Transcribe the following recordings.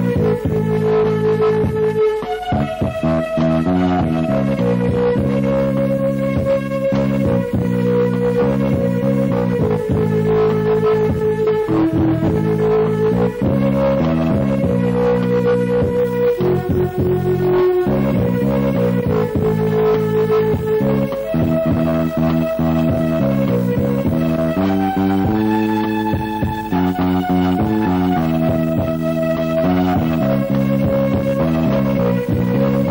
Thank you. Thank you.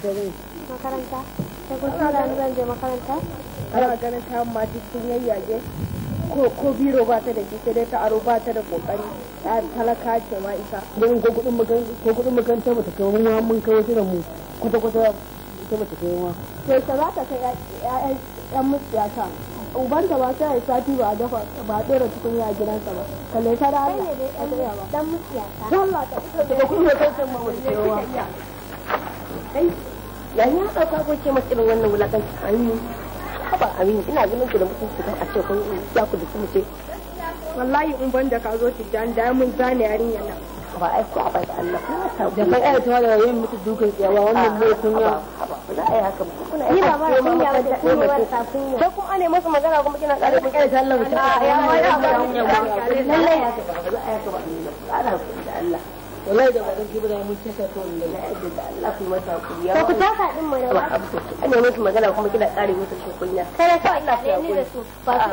zan zan makaranta ni zan je makaranta ana ganin kayan ma duk sun yayyage ko ko biro ba ta da shi sai dai ta aro ba ta da kokari ta talaka ce ma isa don ko kudin makaranta ko kudin makaranta kawo mun kawo shi mu kwata kwata ita ba kawo ma sai ta za ta kai ƴaƴan ƴan musiyata uban da ba ta yi sati ba a dafa ba a ɗora tukunya gidansa ba kalle ta da Allah ba dan musiyata Allah ta fito da kudin makaranta ta ba kawo kai ya yi haka ka goce wannan wulakanci haba ina ganin ku da kan a ce kun ya ku duku mutum wallahi in ban da ka zo ki dan da mun zane yarinya nan ba ai ku abai da Allah da kai ai tawa da yin mutu dukan wannan ne sun ya za a yi haka kuna yi ba ba kun ya da kun ya ta ya ko ane masa magana kuma kina kare mun kai mutum ya ya ba ya ba a yi haka ba Allah wallahi da ba don kibira mun kasa to da yadda da Allah ku mata ku ku taka din mu rawa ana musu magana kuma kina kare musu shi kunya kai Allah ku ya ku ba su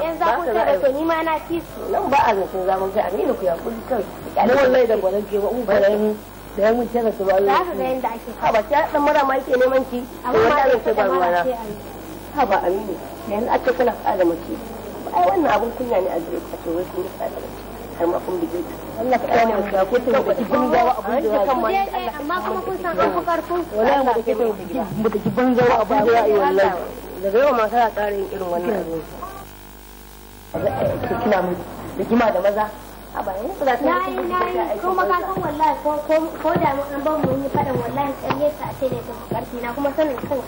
yan zaku ta da to ni ma na ci su nan ba a zancin zamu ga amina ku ya ku kai ne wallahi da gwanin ke ba un bayan da mun kasa to ba za ka ga yanda ake ha ba ta dan mara ma yake neman ki amma ma da ke ba ruwana ha ba amina yanzu ake kana kada maki ai wannan abun kunya ne a gare ka to wai kun kada samu abin da zai Allah ka kama da ko to da kin ga abin da ya yi amma kuma kun san an wallahi ke da ya yi wallahi daga yau ma sai a ƙara yin irin wannan abin kina mu da kima da maza kuma ka san wallahi ko ko ko da an ban mu yi fadan wallahi tsalle ta ce da ta karfi na kuma sanin kan kai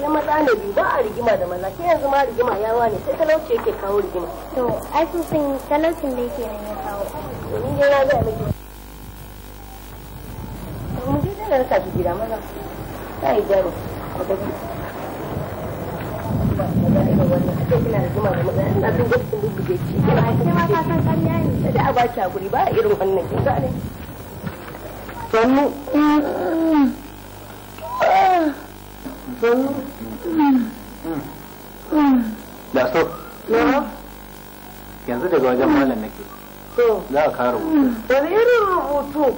ya matsa ne bi ba a rigima da maza ke yanzu ma rigima ya ne sai talauci yake kawo rigima to ai sun sun talaucin da yake nan ya kawo ni dai na ga miki mu je da raka ki gida maza sai jaro ko da wannan a kina da da magana ina bin gaskiya da a baki hakuri ba irin wannan kin gane sannu sannu da so yanzu daga wajen malam nake za a kawo rubutu wani irin rubutu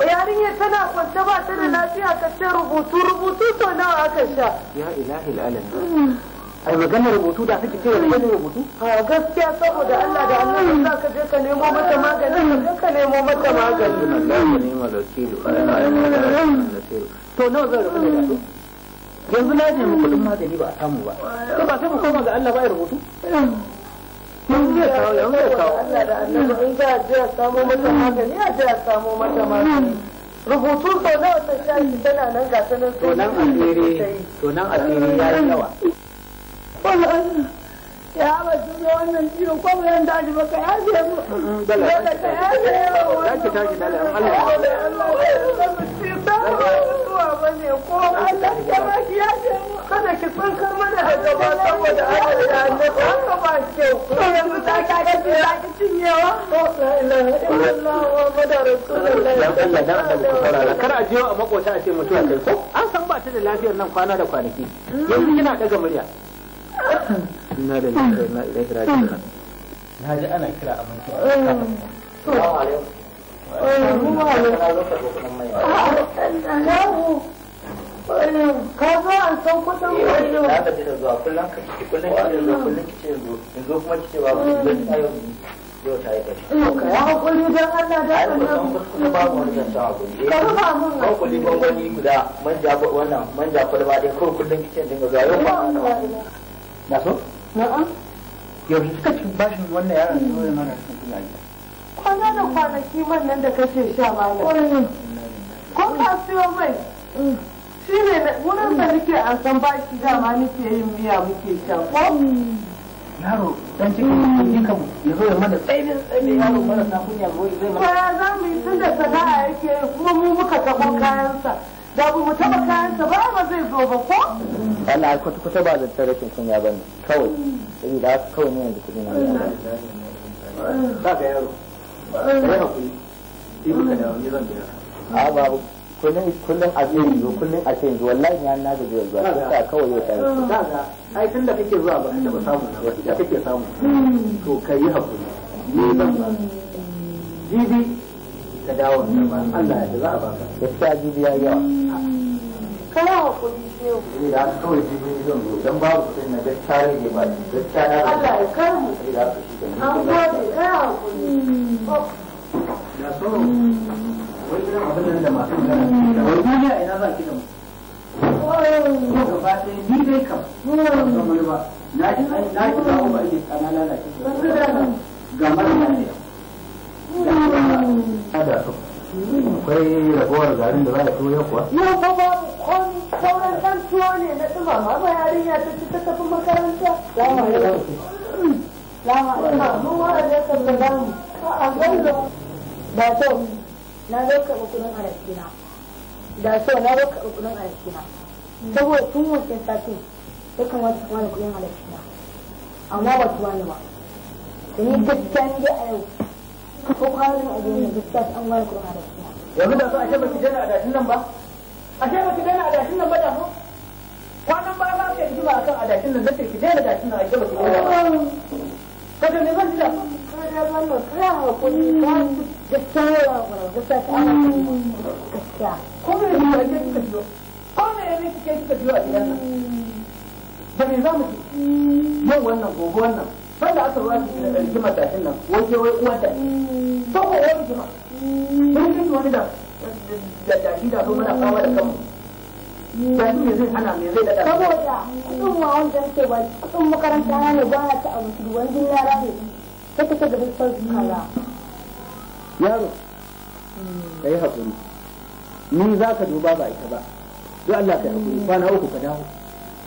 yarinyar tana kwanta ba ta da lafiya ka ce rubutu rubutu to nawa aka sha ya ilahi alamin ai maganar rubutu da kake ce wani rubutu a gaskiya saboda Allah da Allah za ka je ka nemo mata magani ka je ka nemo mata magani Allah ne ma da kilo to nawa zan rubuta da su yanzu na je mu kudin magani ba a samu ba ba sai mu koma ga Allah ba ya rubutu Mun zai kawo, yan zai kawo. da annabi in za a je a samo mata magani, a je a samo mata magani. rubutu sau nawa ta shi tana nan ga sanin to nan asiri to nan asiri ya yawa. ya ba su da wannan ciwo ko ba zan ba ka yaje mu ka yaje mu tashi tashi dala Allah ba ya ba ki yaje mu kada Allah ya annaba haka ba ka ga ki za ki cinyewa ko la ilaha ba ka rasulullahi dan Allah dan Allah ku saurara kar a jiyo a makota a ce mutuwa kai ko an san ba ta da lafiyar nan kwana da kwanaki yanzu kina daga murya na da inna ilaihi raji'un na ji ana kira a mun a zo an san kudin kullum ya tafi da zuwa kullum ka ciki kullum ki da zuwa kullum ki ce kullum in zo kullum ki ce ba ku zan tayo yau kullum yi kashi ya hakuri don Allah da Allah ba san kuskure ba mu wajen sa hakuri ka ba mun ba ku liban gwani guda manja wannan manja kwalba dai kawai kullum ki na so? na'am yaushe suka ci bashin wannan yaran da zuwa mana cikin da. kwana da kwanaki man nan da kace sha malam ko ka siyo mai mm. shi ne wurin da nake a san bashi dama nake yin miya muke sha ko mm. yaro dan cikin jikin mm. mu ya zo ya mana tsaibin tsaibin yaro mara sa kunya zo zai mana ko za mu yi tun da sana'a yake kuma mu muka taɓa kayansa da mu taba kayan ba ba zai zo ba ko Allah ai kwata kwata ba da sun ya bane kawai sai da haka kawai ne da kudi na ba ga yaro ba ga kudi a babu kullum kullum a yanzu kullum a ce yanzu wallahi ya na gaji yanzu ta kawai yau da ga kake ba ka samu ba kake samu hmm. to kai hakuri ni ban. ba jibi ka dawo ba. Allah ya za a baka gaskiya jibi ya yawa kana hakuri shehu eh da aka kawai jibi zan zo dan babu kudin na gaskiya rage ba ni gaskiya na Allah ya karmu eh da aka shi da an gode kana hakuri hmm. oh. ya so wai irin abin nan da masu gana wai duniya ina za ki da mu oh. gaba ɗaya ni dai kam ba na ji na ji ba ba ake kana lalace ga malama ne kada akwai ragowar garin da za a tuwo kuwa yau fa babu komi sauran dan tuwo ne na dumama ba yarinya ta ci ta tafi makaranta Za mu lama ya lama ya mun wara da ka da damu a gaiwa ba so na zo ka kuɗin arakina da so na zo ka kuɗin arakina saboda tun wancan satin ya kamata kuma da kuɗin arakina amma ba tuwa ne ba ni gaskiya ne a yau ko ƙarin a duniya da ta an ware kuma da shi yanzu da su ashe ba ki a adashin nan ba ashe ba ki a adashin nan ba da ko kwanan baya ba ka yi jima akan adashin nan nace ki dana adashin nan ashe ba ki dana ba ka ne zan ji da kada ba ma kara hakuri ba da tsayawa ba da ta tsara gaskiya ko me ne ba ke kika biyo ko me ne kike kika biyo a gidan nan da za mu ci yau wannan gobe wannan sanda aka zo da rigimar tashin nan wai ta ko wani sai wani da da tashi da kawo da kanmu tashi zai hana zai da saboda kudin ma ba kudin makaranta na ne ba ta abu su ta yaro hakuri ni za ka duba ba ita ba don Allah ka haƙuri kwana uku ka dawo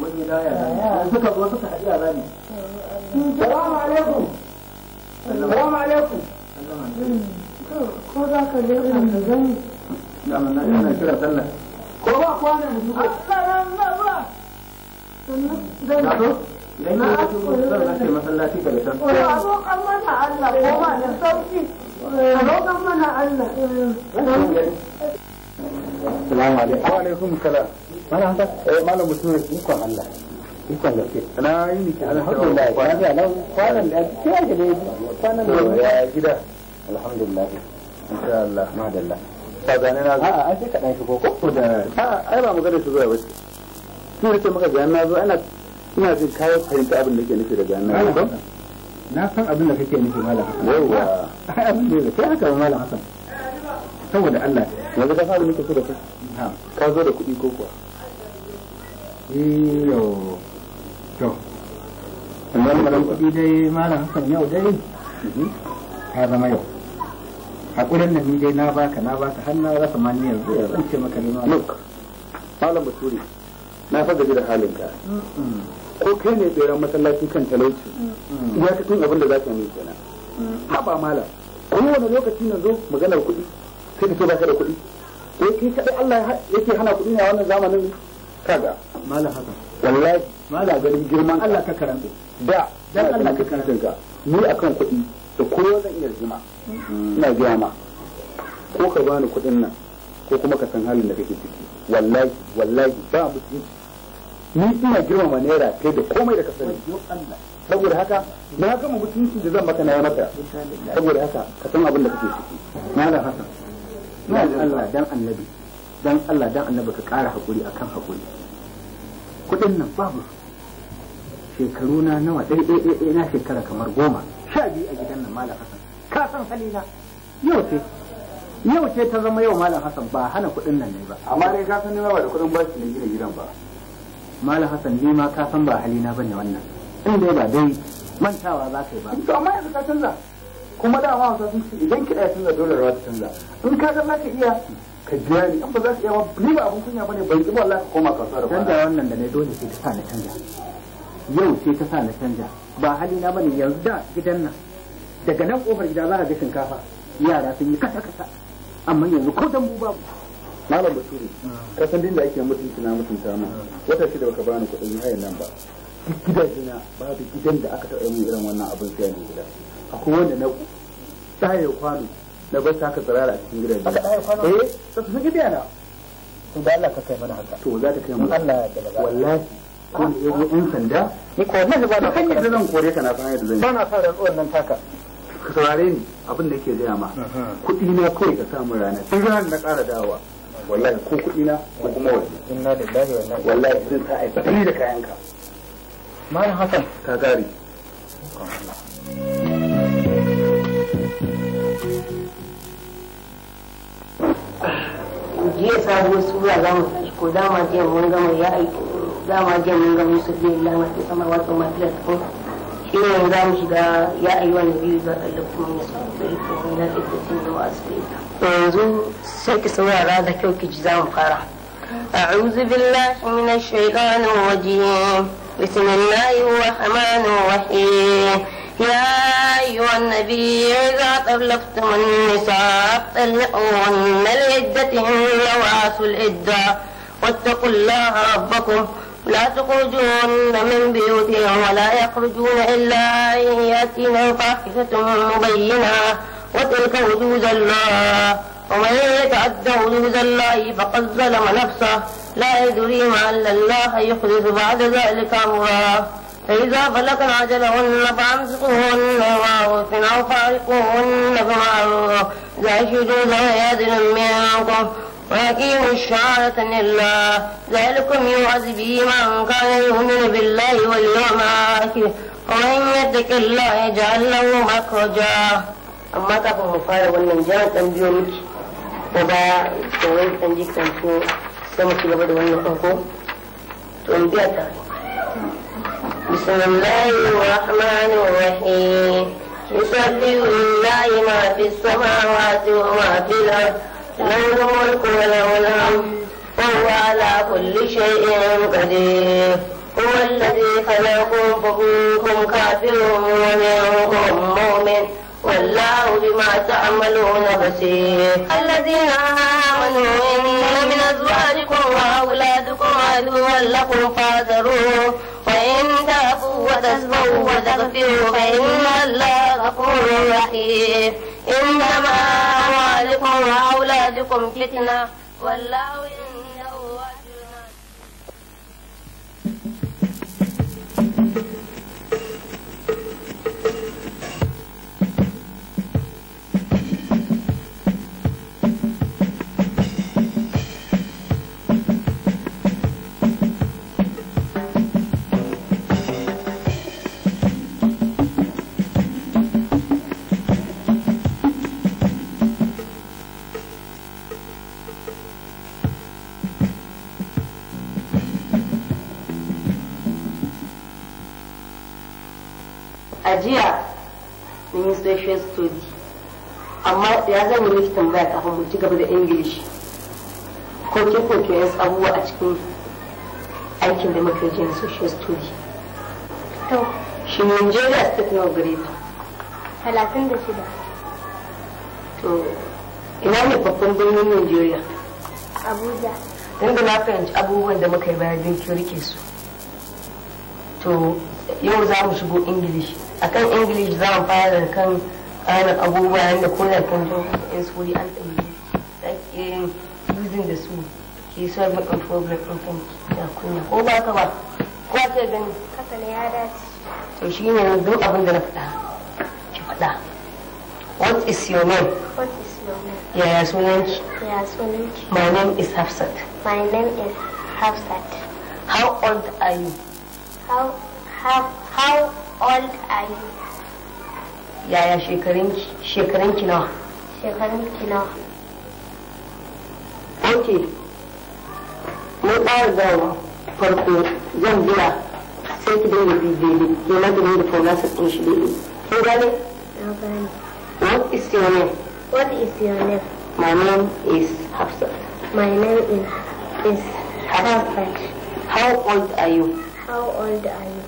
wani da ya zai suka zo suka haɗi a zani salamu alaikum salamu alaikum ko za ka lera da zani da mana yana kira sallah ko ba kwana mutu ko assalamu alaikum na zo idan ya zo zan ce masallaci ga ita ko ya zo kan mana Allah ko ba da sauki ko kan mana Allah assalamu alaikum wa alaikum salam mana hanta eh malam mutum ikon Allah ikon gaske na yi miki alhamdulillah na ga nan kwanan da ke da kwanan da ya gida alhamdulillah insha Allah madalla ba zane na zo a an sai kaɗan koko. ko da A ai ba magana shi zuwa wace shi ne maka ga na zo ana ina jin kayan fahimta abin da ke nufi daga nan ko na san abin da kake nufi malam yawa ai abin da kai haka malam hasan saboda Allah yanzu ka fara nake so da kai ka zo da kuɗi ko kuwa iyo to malam kuɗi dai malam hakan yau dai zama yau hakurin da ni dai na baka na baka har na rasa ma ni yanzu ya zance maka ne malam baturi na fa gaji da halinka ko kai ne tseren masallaci kan talauci ya ka tun abin da za ka yi kenan haba malam kowane lokaci na zo maganar kuɗi sai ka ce ba ka da kuɗi eh kai kaɗai Allah yake hana kuɗi ne a wannan zamanin kaga mala haka wallahi mala girman Allah ka karanta da dan Allah ka karanta ni akan kuɗi da kowa zan iya zima mm-hmm. ina gaya ma ko ka bani kuɗin nan ko kuma ka san halin da kake ciki wallahi wallahi ba mutum ni ina girmama naira kai da komai da ka sani saboda haka na gama mutunci da zan maka na maka saboda haka ka san abin da kake ciki malam hasan na Allah dan annabi dan Allah dan annabi ka ƙara haƙuri akan haƙuri kuɗin nan babu shekaru na nawa ɗai ɗai ɗai na shekara kamar goma sha biyu a gidan nan malam hasan ka san halina yau ce yau ce ta zama yau malam hasan ba hana kuɗin nan ne ba amma dai ka san ba da kuɗin ba bashi ne gina gidan ba malam hasan ni ma ka san ba halina ba ne wannan in dai ba dai mantawa za ka yi ba to amma yanzu ka canza kuma da ma wasu idan kiɗa ya canza dole rawa ta canza in ka ga za ka iya ka biya ni in ba za ka iya ni ba abin kunya bane bai ki wallahi ka koma kasuwa da canja wannan da ne dole sai ta sa na canja yau sai ta sa na canja ba hali na bane yanzu da gidan nan daga nan kofar gida za ka ga shinkafa yara sun yi kasa kasa amma yanzu ko dan mu babu malam Bature. ka san din da ake mutunci na mutunta mu wata shida baka bani kuɗin hayan nan ba duk gidaje na babu gidan da aka taɓa yin irin wannan abin sai ne gida akwai wanda na tsaye kwano na ba ta ka tsirara a cikin gidaje aka dai kwana eh ta su gidi na. to da Allah ka kai mana haka to za ka kai mana Allah ya da wallahi ko ne yau ɗan sanda ni ko na ba na hanyar da zan kore ka na san yadda da zan ba na fara tsohon nan taka ka saurare ni abin da yake gaya ma uh-huh. kuɗi na kawai ka samu rana tun ranar na ƙara dawowa wallahi ko kuɗi na ko kuma wani inna lillahi wallahi wallahi zan sa ai da kayanka malam hasan ka gari jiya sabuwar sura za mu ko dama jiya mun gama ya aiki dama jiya mun gama yusuf bin lama ta sama wato mafilar tukun shi ne za mu shiga ya ayi wani biyu za a lafi mun da ikon na da wasu da yanzu sai ki saurara da kyau ki ji za mu fara أعوذ بالله من الشيطان الرجيم بسم الله الرحمن الرحيم يا أيها النبي إذا طلقتم النساء طلقوهن لعدتهن وآتوا العدة واتقوا الله ربكم لا تخرجون من بيوتهم ولا يخرجون إلا أن يأتينا فاحشة مبينة وتلك وجود الله ومن يتعدى وجود الله فقد ظلم نفسه لا يدري ما أن الله يخرج بعد ذلك أمرا فإذا فلق عجلهن فأمسكوهن بمعروف أو فارقوهن بمعروف ذلك ذوي عدل منكم ويقيموا الشهادة لله ذلكم يوعظ به من كان يؤمن بالله واليوم الآخر ومن يتق الله يجعل له مخرجا أما تقوم الخير والمنجان تنبيه منك وبا تنبيه تنجيك تنبيه سمك لبدو النقوق تنبيه تنبيه بسم الله الرحمن الرحيم يسبح لله ما في السماوات وما في الأرض له الملك وله الحمد وهو على كل شيء قدير هو الذي خلقكم فمنكم كافر ومنكم مؤمن والله بما تعملون بصير الذين آمنوا إن من أزواجكم وأولادكم عدوا لكم فاذروه وتزكو وتغفر فإن الله غفور رحيم إنما أموالكم وأولادكم فتنة والله jiya mun yi social study amma ya zama yi miki tambaya kafin mu ci gaba da english ko ke ko ke yas abuwa a cikin aikin da muke je na social study to shi Nigeria state nawa gare ta talatin da shida to ina ne babban birnin Nigeria Abuja don da na fahimci abubuwan da muka yi bayan don ke rike su to yau za mu shigo English akan english za mu fara da kan ƙarin abubuwa yadda ko da kan zo in su wuri an tsaye sake using da su ke solve a problem in kan da kunya ko ba ka ba ko ka gani haka ne ya dace to shine yanzu abin da na faɗa ki faɗa what is your name what is your name yaya sunanki yaya sunanki my name is Hafsat my name is Hafsat how old are you how how how old are you yaya shekarunki ki nawa shekarunki nawa ok mun tsara da farko zan jira sai ki dinga bi daidai ke na gani da pronouncers din shi daidai kin gane na gane what is your name what is your name my name is Hafsa my name is is Hafsa how old are you how old are you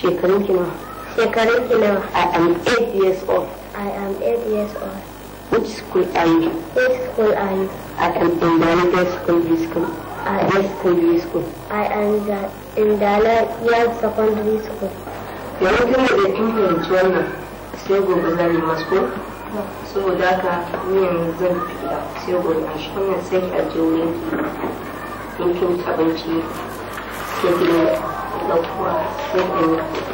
ki nawa Shekarun ki I am eight years old. I am eight years old. Which school are you? Which school are you? I am in Dalada Secondary School. I am Secondary School. I am in Dalada Secondary School. Yanzu kuma da kin fahimci wannan sai gobe za mu masko. Saboda haka ni yanzu zan fita sai gobe shi wannan sai ki aje wurin ki in kin abinci sai ki da kuwa sai ki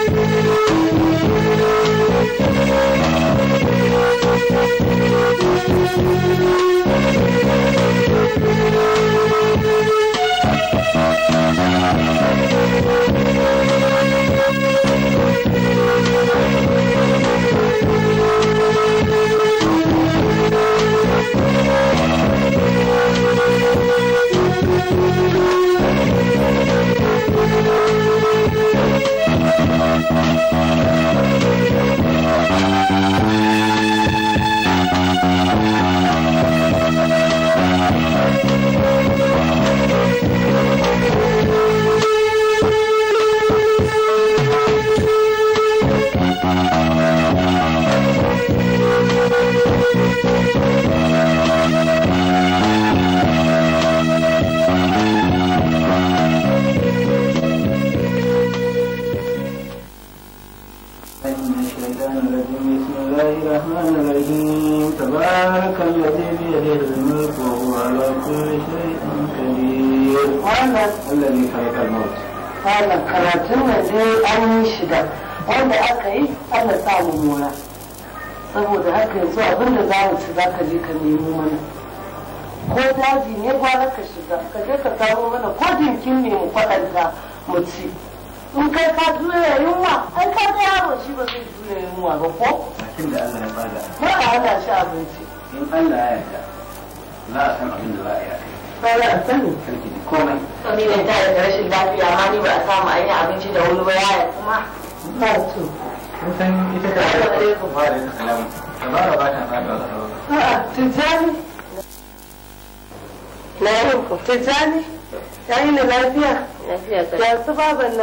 Thank you.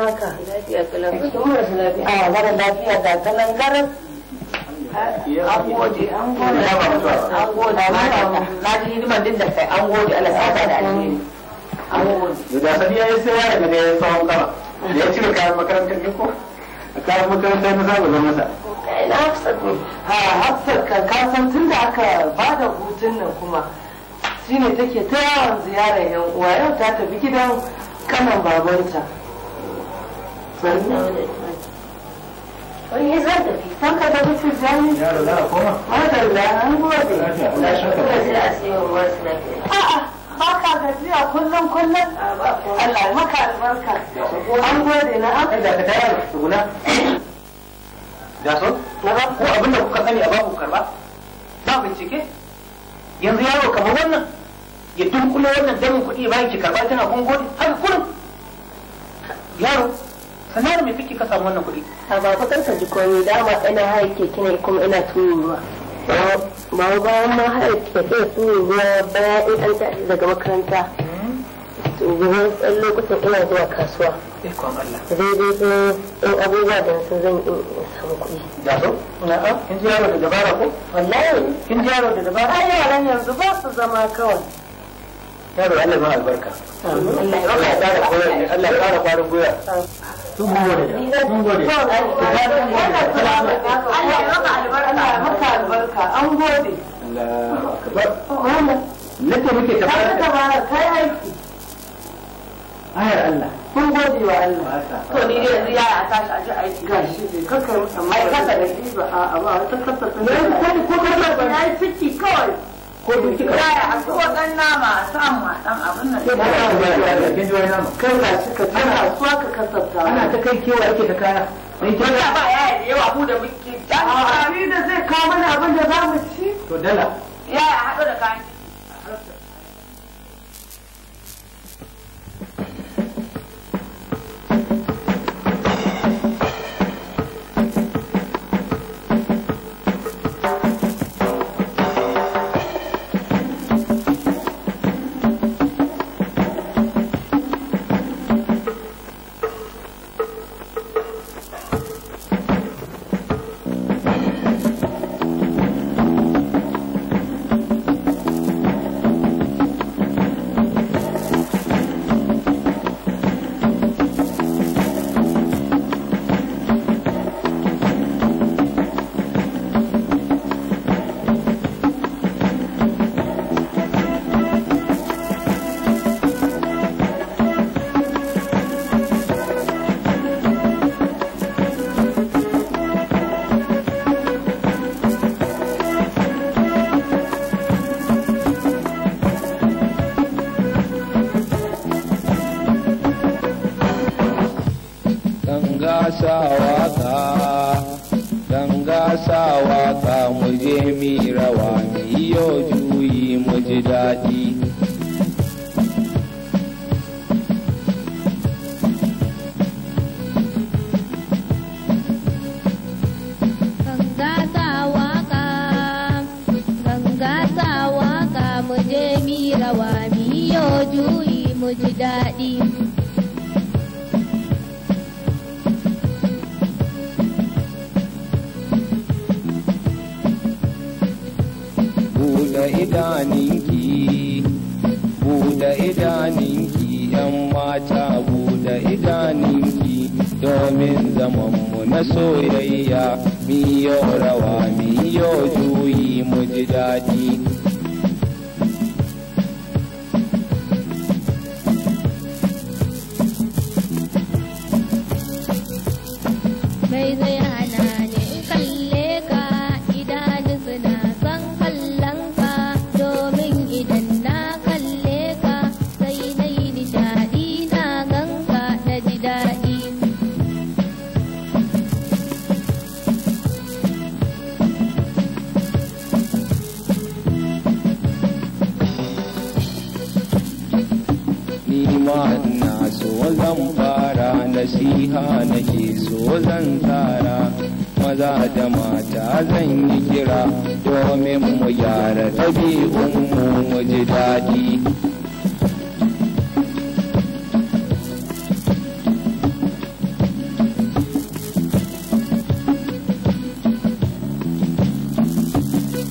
naka lafiya kalan a ah, mara lafiya kalan an gode an gode an gode na ji hidiman din da kai an gode da alheri an gode da sani sai daga tsawon kama da ya cire kayan makarantar ne ko kayan makarantar na zama sa na hafsat ha ka san tun da aka bada hutun nan kuma shine take ta yawan ziyarar yan uwa yau ta tafi gidan kanan babanta wani an lafiya a'a gajiya kullum kullum albarka an na an ko kuka sani a babu karba ba bincike yanzu yaro kamar wannan ya dunkule wannan damin kuɗi bayan ki karba tana kun gode haka kurin yaro ka mai fiki ka samu wannan kuɗi a ba kusan ka ji koyi dama ina haike kina kuma ina turuwa ba bayan ma haye keke ba bayan in an tashi daga makaranta domin ɗan lokacin ina zuwa kasuwa zai zai ɗan abubuwa da sun zan in samu kuɗi da so na'a kin ji yaro da dabara ko wallahi kin ji yaro da dabara ai yaran yanzu ba su zama kawai yaro Allah ma albarka Allah ya ƙara kwarin Allah ya ƙara kwarin gwiwa Sun Sun ya ya Ayar Allah. Kun gode wa Allah. To ni dai yanzu ta shi aje aiki. Gashi kasa da shi ba a ba ta kasa. Ne ko ko ciki kawai. ko duk kika ya a so dan nama san ma dan abin nan kin ji wani nama ka ka kasafta ana ta kai kewa ake ta kaya mai ke ba ba yaya da yawa mu da muke dan da zai kawo mana abin da za mu ci to dala da kayan ji daɗi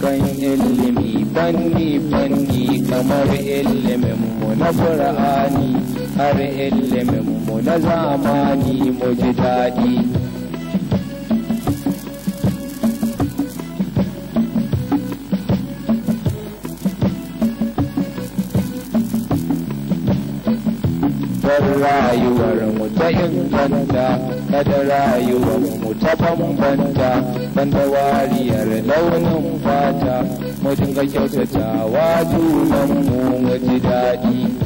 kan ilimi fanni fanni kamar ilimin na Qur'ani har ilimin mu na zamani mu rayuwar mu ta inganta kada rayuwar mu ta bambanta ban wariyar launin fata mu dinga kyautatawa junan mu mu ji daɗi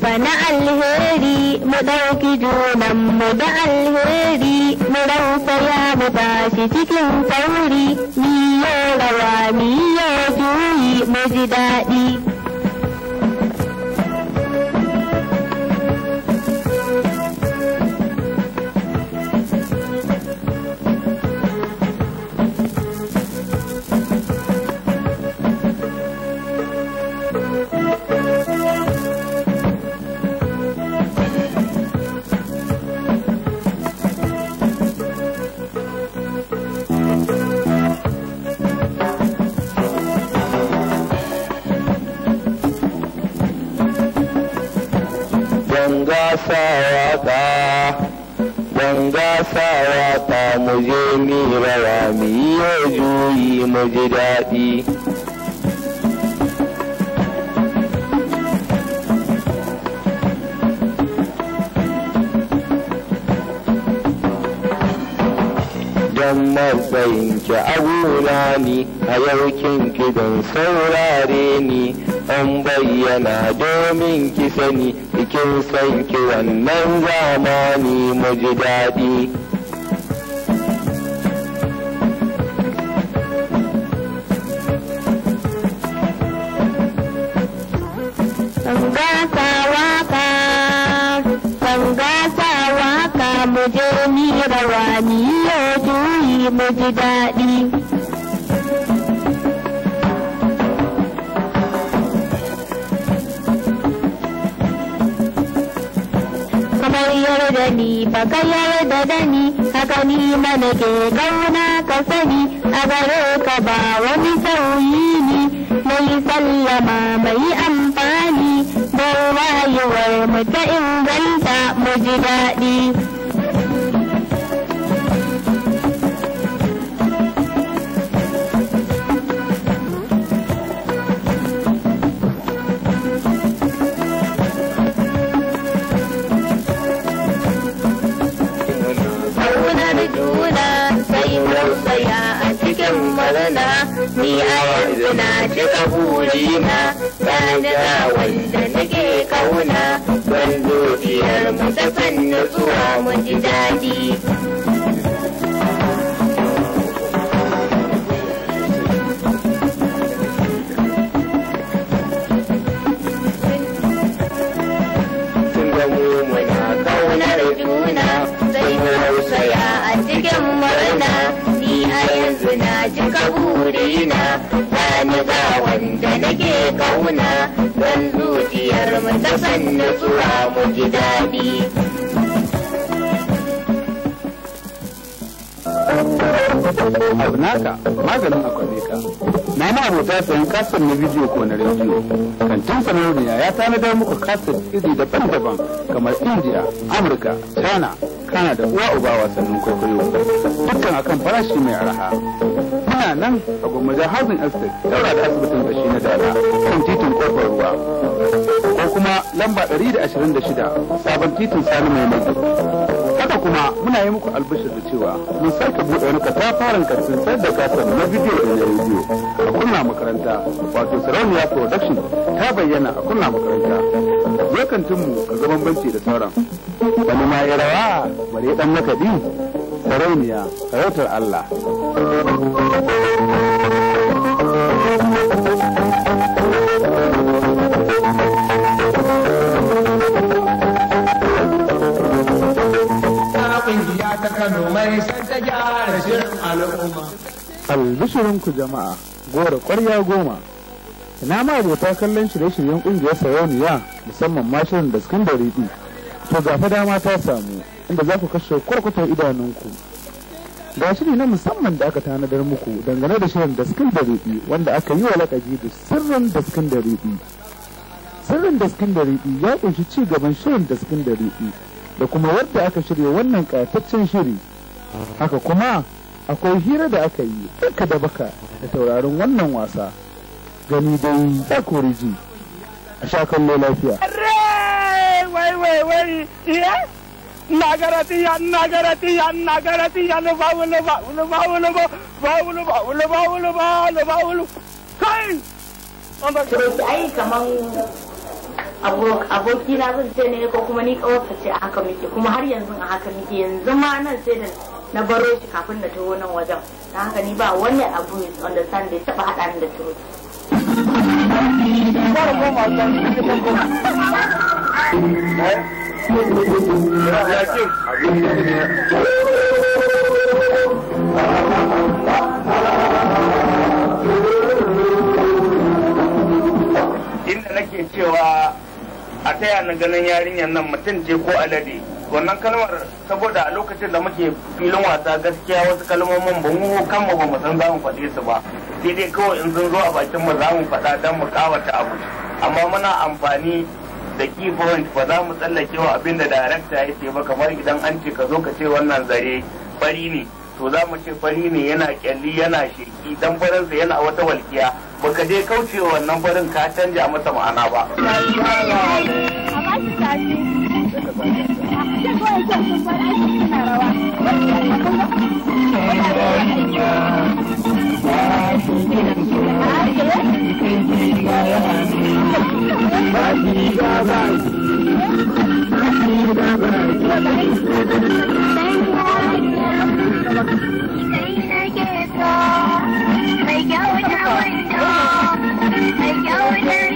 fana alheri mu ɗauki junan mu da alheri mu ya mu bashi cikin sauri miyo rawa miyo juyi mu ji daɗi. don matsayin ki auna ni a yaukin ki saurare ni an bayyana domin ki sani cikin son ki wannan zamani mu ji daɗi. ji daɗi. Kamar yarda ni baka yarda da ni haka ni mana ke kauna ka sani a gare ka ba wani sauyi ni mai yi sallama mai amfani don wayewar mu ta inganta mu ji daɗi. take kauna don zuciyar mu ta sanna zuwa mu ji daɗi. abu maganin akwai ka na ma abota sayan kasar na bidiyo ko na rediyo kantin sanarwa ya tanadar muku kasar iri daban-daban kamar indiya amurka china kana da uwa uba wasannin kwaikwayo dukkan akan farashi mai araha nan a gwamnatin housing estate daura da asibitin kashi na dala kan titin kofar ruwa ko kuma lamba 126 sabon titin sani mai mai haka kuma muna yi muku albishir da cewa mun sake buɗe wani katafaren kantin sayar da gasar na bidiyo da na rediyo a kunna makaranta wato sarauniya production ta bayyana a kunna makaranta kantin mu ka zaman banci da sauran wani ma ya rawa bare dan makaɗi sarauniya rautar allah al'umma albishirinku jama'a gora kwarya goma ina ma abota kallon shirye-shiryen ƙungiyar sarauniya musamman ma shirin da skin daridi to gafa dama ta samu inda za ku kashe kwarkwatar idanunku ga shiri na musamman da aka tanadar muku dangane da shirin daskin da riɗi wanda aka yi wa lakabi da sirrin daskin da riɗi sirrin daskin da riɗi ya ƙunshi ci gaban shirin daskin da riɗi da kuma wadda aka shirya wannan ƙayataccen shiri haka kuma akwai hira da aka yi baka da baka da taurarin wannan wasa gani dai ya kori ji a sha kallo lafiya wai wai wai iya nagaratiya nagaratiya nagaratiya luba luba luba luba luba luba luba luba luba luba kai Turuki ai kaman aboki na zan ce ne ko kuma ni kawarsa ce a haka muke kuma har yanzu a haka muke yanzu ma nan sai da na baro shi kafin na taho nan wajen ta haka ni ba wani abu the da taba hada ni da taho inda nake cewa a taya na ganin yarinyar nan mutum ce ko alade wannan kalmar saboda a lokacin da muke filin wasa gaskiya wasu kalmomin ba mu kan mu ba mu san za mu faɗe su ba sai dai kawai in sun zo a bakin mu za mu faɗa don mu kawata abu amma muna amfani da key ba za mu tsallake wa abin da darakta ya ce ba kamar idan an ce ka zo ka ce wannan zare fari ne to za mu ce fari ne yana kyalli yana sheki dan farinsa yana wata walkiya baka je kauce wannan farin ka canja masa ma'ana ba. 这过来叫什么来？去哪了哇？我讲他公公，我讲我。Hãy subscribe cho kênh Ghiền Mì Gõ Để không bỏ lỡ những video hấp dẫn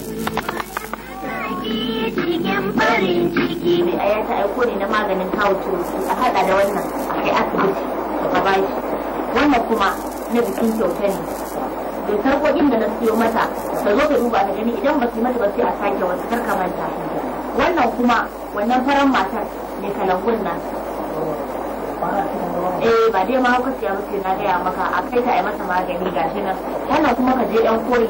cikin farin ciki ne a yanka aiko kone na maganin kawo a haɗa da wannan a kai asibiti a bashi wannan kuma na bikin kyauta ne bai sarƙoƙin da na siyo mata ta zo ka duba ta gani idan ba su mata ba sai a sake wasu karka manta wannan kuma wannan faran matar ne kalangun nan eh ba dai ma hauka siya ba na gaya maka a kai ta a yi masa magani gashi nan wannan kuma ka je yan koyi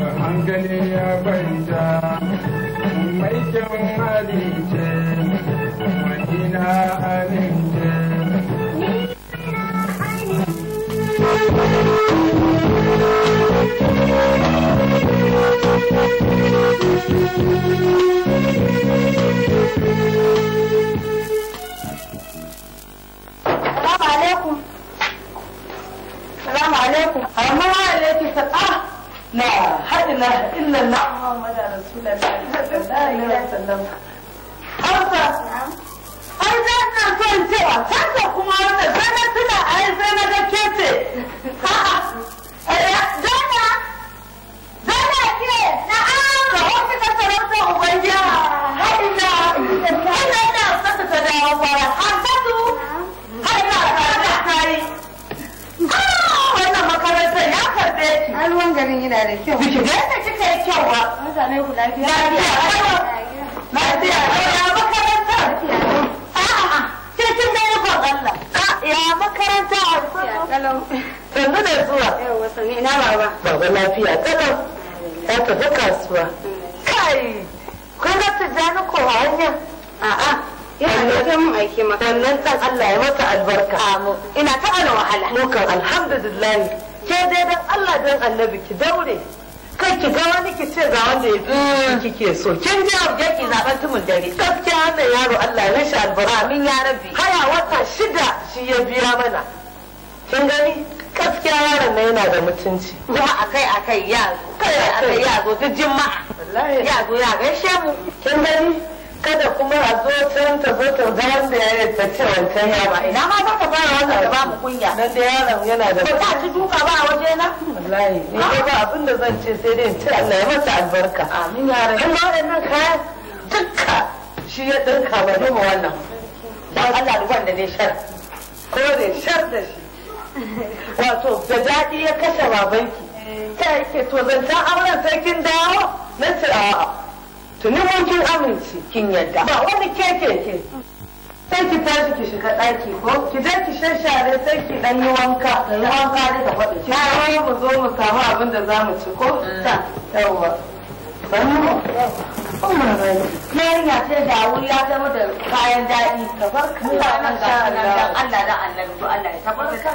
hankali ya kwanta mai kyan halince madina halince Salamu alaikum. Salamu alaikum. Amma wa alaikum na haɗina illan na Muhammad Rasulullah sallallahu alaihi ai ina son cewa kuma ai a'a dana eh, dana ke na an ga wata kasarauta ubangiya haɗina ganin yana da kyau. Biki da yadda kika yi kyau ba. Mutane ku lafiya. Lafiya. Lafiya. Ah, ya makaranta. kin ni Allah. Ya makaranta a kalau. da zuwa. ina baba. Baba lafiya Ta kasuwa. Mm. Kai. Kun ga ko a hanya? A'a. mun aiki maka. Sannan Allah ya masa albarka. Amin. Ina ta ana wahala. Mukan alhamdulillah. ke dai dan Allah dan annabi ki daure kai ki ga wani ki ce ga wanda ya fi eh. kike so kin ji abuja ki zaben tumun dare gaskiya wannan yaro Allah ya shi albara min ya rabi haya wata shida shi ya biya mana kin gani gaskiya yaron na yana da mutunci kuma akai akai ya zo kai akai ya zo ta jima'a ya zo ya gaishe mu kin gani kada kuma a zo can ta zo ta ga wanda ya yi ta ce wancan ya ba ina ma za ka fara wannan da ba mu kunya Nan da yaron yana da ba ta ci duka ba a waje na wallahi ni ba abin da zan ce sai dai in ce Allah ya masa albarka amin ya rabbi Amma wannan kaya dukka shi ya dinka ba mu wannan dan Allah ruwan da ne shar ko da shar da shi wato da daɗi ya kashe babanki ta yake to zan auren sai kin dawo na ce a'a tuni mun kin amince kin yadda ba wani kekeke sai ki tashi ki shiga ɗaki ko ki je ki shashare sai ki dan yi wanka yi wanka da ta ki ki ai mu zo mu samu abin da za mu ci ko ta yawa sannu umma bai yarinya ta da wuri ya zama da kayan daɗi ka bar ka nan ga nan Allah da Allah to Allah ya tabbata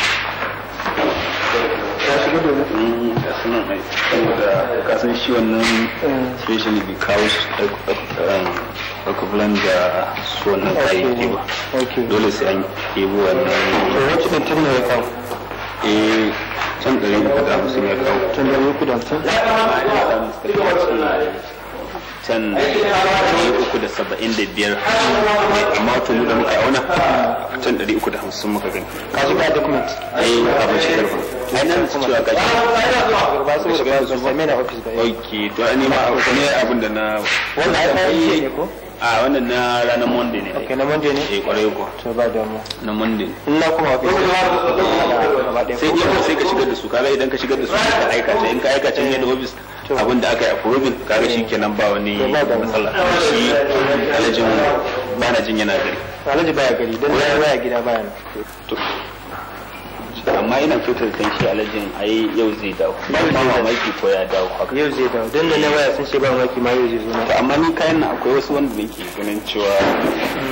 ya shiga domin a sunan mai saboda kasan shi wannan special bi kawo su eh, eh, equivalent da su wannan kayayyaki ba dole sai an yi ɗebo wannan wacce ɗin tun ya kawo eh can ɗari uku da musu ya kawo can ɗari uku da hamsin can uku da saba'in da biyar amma wato mu da muka auna can ɗari uku da hamsin muka gani ka zuba document eh abin shi zarfin a nan cewa ka ji ba su da ba su mai na ofis ba ok to ne ma ne abin da na wanda ya yi ne ko a wannan na ranar monday ne ok na monday ne eh kwarai ko to ba da mu na monday in na kuma ofis sai dai sai ka shigar da su kaga idan ka shigar da su ka aika ta in ka aika can yadda ofis abin da aka yi approving kaga shi kenan ba wani matsala shi alhajin ba na jin yana gari alhaji baya gari dan baya gida baya to amma ina fitar kan shi alajin yi yau zai dawo ba mamaki ko ya dawo haka yau zai dawo don da na waya sun ce ba maki ma yau zai zo na amma ni kayan nan akwai wasu wanda nake ganin cewa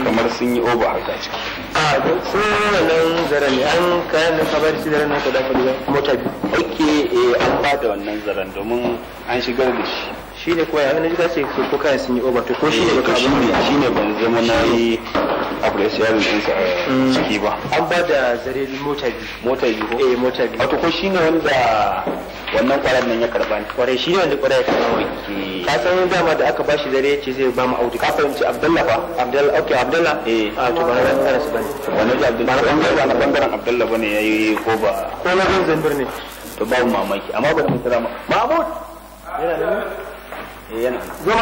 kamar sun yi oba haka ciki a su wannan zaren ne an kayan nan kabar shi zaren nan ka dafa da mota bi. ake eh, an ba da wannan zaren domin an shigar da shi shi ne kuwa ya wani jika ko kayan sun yi oba to ko shi ne eh, ba ka shi ne ban zama na yi appreciation ciki an ba da mota biyu mota biyu ko eh mota biyu wato ko wanda wannan kwaran nan ya karba kwarai wanda kwarai ya karba ka san dama da aka bashi zare yace zai ba ka fahimci abdullah abdullah Ok abdullah eh a ah, to ba ran abdullah ba ran abdullah ko ba ko na zan ne to mamaki amma ba kira ma mahmud yana nan eh yana zo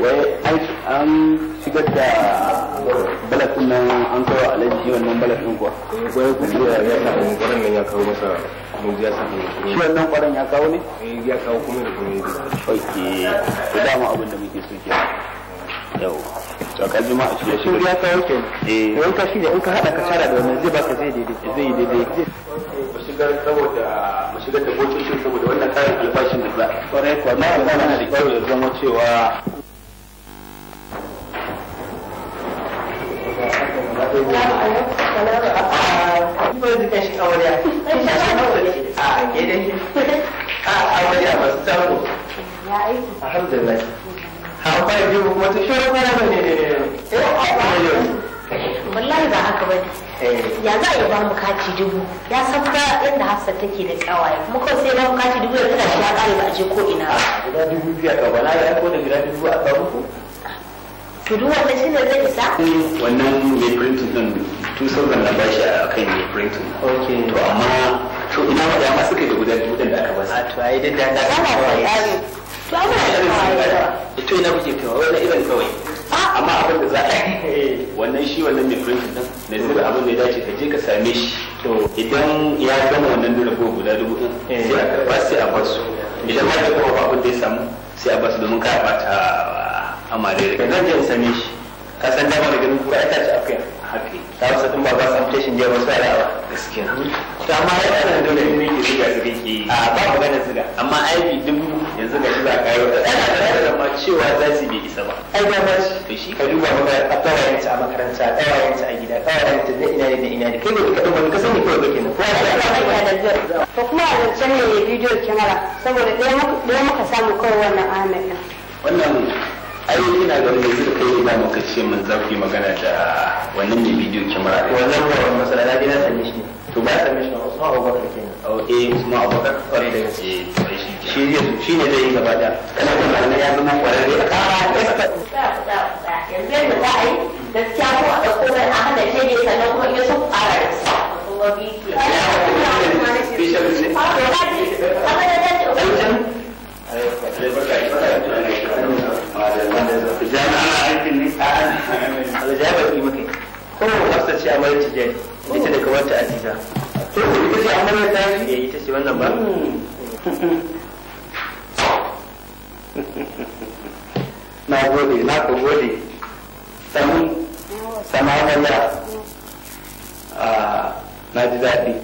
wai an shigar da balafin nan an kawo alaji wannan balafin kuwa wai kuma ya samu kwaran nan ya kawo masa kuma ya samu shi wannan kwaran ya kawo ne eh, ya kawo kuma da kuma yake ok da dama abin da muke so ke yau to ka ji ma a shirye shirye ya kawo ke eh ka shirye in ka hada ka tara da wannan zai baka zai daidai zai daidai mu shigar saboda mu shigar da bocin saboda wannan tsarin albashin da za a kwarai na da kwarai da zama cewa Alhamdulillah. Ya za a yi dubu. Ya san ba inda hafsa take da kawaye. Kuma kawai sai kati dubu ya kada shi ya kare ba a je ko ina. Guda dubu ka ko da gida dubu a kawo to duk wannan shi zai isa wannan ya printin din 2000 na shi a kan ya printin okay to amma to ina ma dama suka da guda biyu da aka basa to ai duk da ka ba sai to ana da to ina kuke kawai wannan irin kawai amma abin da za a yi eh. wannan shi wannan mai printin din na zira abin da ya dace ka je ka same shi To idan ya gama wannan dole ko guda dubu din eh. sai a karba sai a basu idan ba da kuma abin da ya samu sai a basu domin ka bata dai da zan je same shi ka san dama da ganin kuka ita ce afiya haƙi ta wasu tun ba ba su amce shi je wasu alawa gaskiya to amma ya kana dole in miki ziga ziga ke a ba mu gane ziga amma aiki dubu yanzu ga shi ba kayo da ana da da cewa za su bai isa ba ai ba ma shi to shi ka duba maka a tsawayen ta a makaranta tsawayen ta a gida tsawayen ta na ina da ina da kai ne ka duba ka sani kawai kake nan ko ba ka da zai to kuma a wancan ne bidiyo saboda ɗaya muka samu kawai wannan wannan ai ina ga wanda yanzu kai da muka ce mun magana da wannan mai bidiyo kyamara ne wannan ba wannan masala na gina sami shi to ba sami shi Usman Abubakar kenan oh eh Usman Abubakar kware da eh, shi ne shi ne zai yi gaba da kana da malamin ya zama a kara yanzu yadda za gaskiya ko a ne sannan kuma fara da sa ke. aziza ita ce an mana ta yi eh, ita ce wannan ba na gode na ku gode sami sama Allah na ji daɗi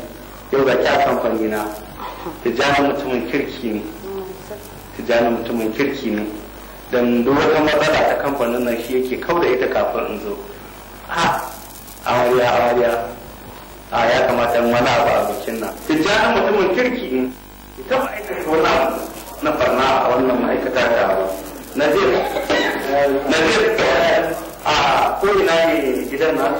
yau ga kya kamfani na tijjani mutumin kirki ne tijjani mutumin kirki ne don duk wata matsala ta kamfanin nan shi yake kau da ita kafin in zo ha awariya awariya a ya kamata wani abu a bikin nan tijjani mutumin kirki in ita ma'aikata wani abu na farna a wannan ma'aikata ta abu na nazir a ko ina ne gidan na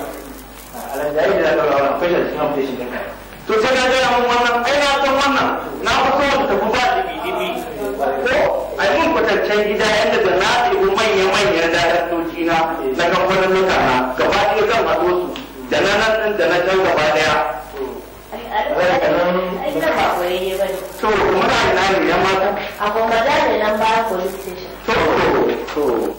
alajayi da daura wani kwashe cikin amfani shi ne to sai na gaya mun wannan ai na san wannan na fi so mu tafi ba da bi. ko ai mun kwatancen gida yadda da na ɗigo manya-manyan daraktoci na na kamfanin mutana gaba ɗaya zan haɗo su da na nan ɗin da na can gaba ɗaya. To, kuma muna ina ne yan mata? A gwamnati da nan ba police station. To, to,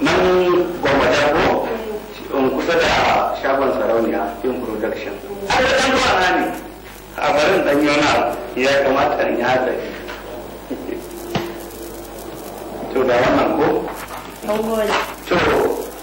nan gwamnati ko? Mm. Mm, kusa da shagon sarauniya yin production. An da ɗan zuwa na ne, a barin ɗan yana ya kamata in yi hatsari. To, da wannan ko? To,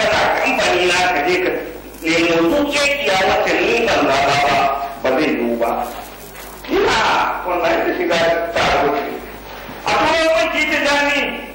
kana kamfani na ka je ka nemo zuciya wacce ni ban zaba ba ba zai yiwu ba ina wannan da shiga ta a kuma yawanci ta jami'in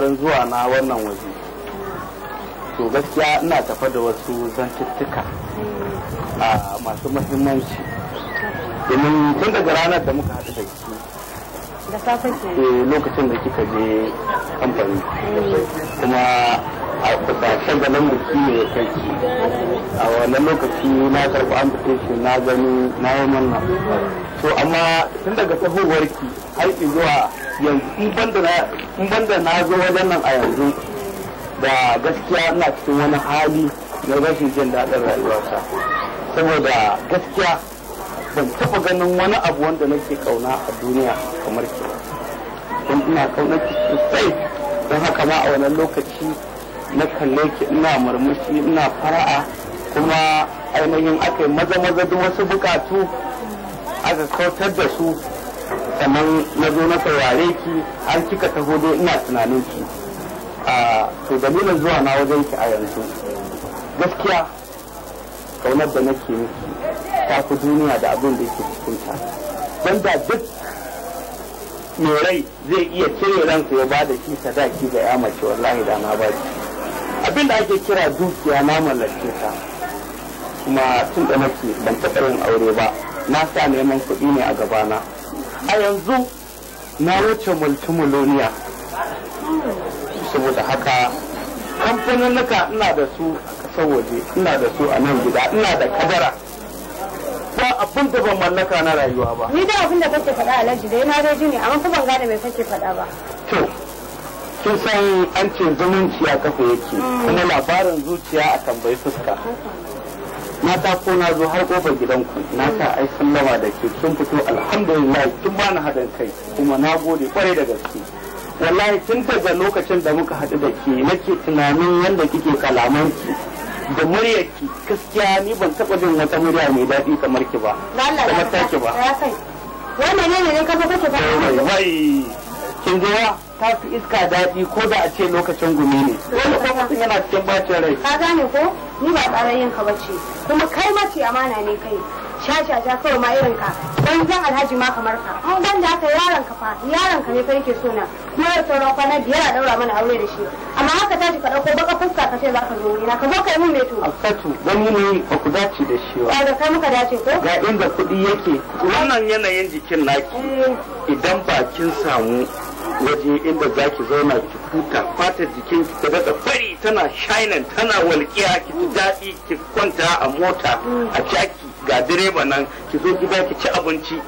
lamarin zuwa na wannan waje to gaskiya ina tafa da wasu zantuttuka a masu mahimmanci domin tun daga ranar da muka haɗu da shi da safe ke eh, lokacin da kika je kamfani kuma a kusashen da nan ne ya a wannan lokaci na karɓi shi na gani na yi manna to amma tun daga tahowar ki har zuwa yanzu in banda na zo wajen nan a yanzu da gaskiya ina cikin wani hali na rashin jin daɗin rayuwarsa saboda gaskiya ban taɓa ganin wani abu wanda nake kauna a duniya kamar ke don ina kauna ki sosai don haka ma a wannan lokaci na kalle ki ina murmushi ina fara'a kuma ainihin aka yi maza maza duk wasu bukatu aka kautar da su kamar na zo na saurare ki har kika taho dai ina tunanin ki a to dalilin zuwa na wajen ki a yanzu gaskiya kaunar da nake miki ta fi duniya da abin da yake cikinta don da duk me rai zai iya cire ransa ya ba da shi sadaki ga ya mace wallahi da na ba abin da ake kira dukiya na mallake ta kuma tun da nake ban taɓa yin aure ba na sa neman kuɗi ne a gabana a yanzu na wuce multimiloniya saboda haka kamfanin nuka ina da su a kasar waje ina da su a nan gida ina da kadara ba abin da ban mallaka na rayuwa ba ni da abin da kake faɗa a alhaji dai na dai ne amma kuma gane mai kake faɗa ba to kin san an ce zumunci a kafa yake mm. kuma labarin zuciya a tambayi fuska mata ko na zo har kofar gidanku na sa ai sallama da ke sun fito alhamdulillah ba bani haɗin kai kuma na gode kwarai da gaske wallahi tun daga lokacin da muka haɗu da ke nake tunanin wanda kike kalamanki da muryarki gaskiya ni ban taɓa jin wata murya mai daɗi kamar ki ba kamar taki ba wannan ne ne kake ba wai kin ta fi iska daɗi ko da a ce lokacin gumi ne wani kuma yana cikin bacin rai ka gane ko ni ba yin ka bace kuma kai mace amana ne kai shashasha kawai ma irin ka banzan alhaji ma kamar ka an banda haka yaron ka fa yaron ka ne kai ke so na kuma sauran kwana biyar a daura mana aure da shi amma haka ta ji ka dauko baka fuska ka ce zaka zo wurina ka zo kai mun meto afsatu wani ne ba ku dace da shi ba ga kai muka dace ko ga inda kuɗi yake wannan yanayin jikin naki eh. idan bakin samu waje inda za ki zauna ki huta fatar jikin ki ta daga fari tana shinin tana walƙiya ki ji daɗi ki kwanta a mota a jaki ga direba nan ki zo gida ki ci abinci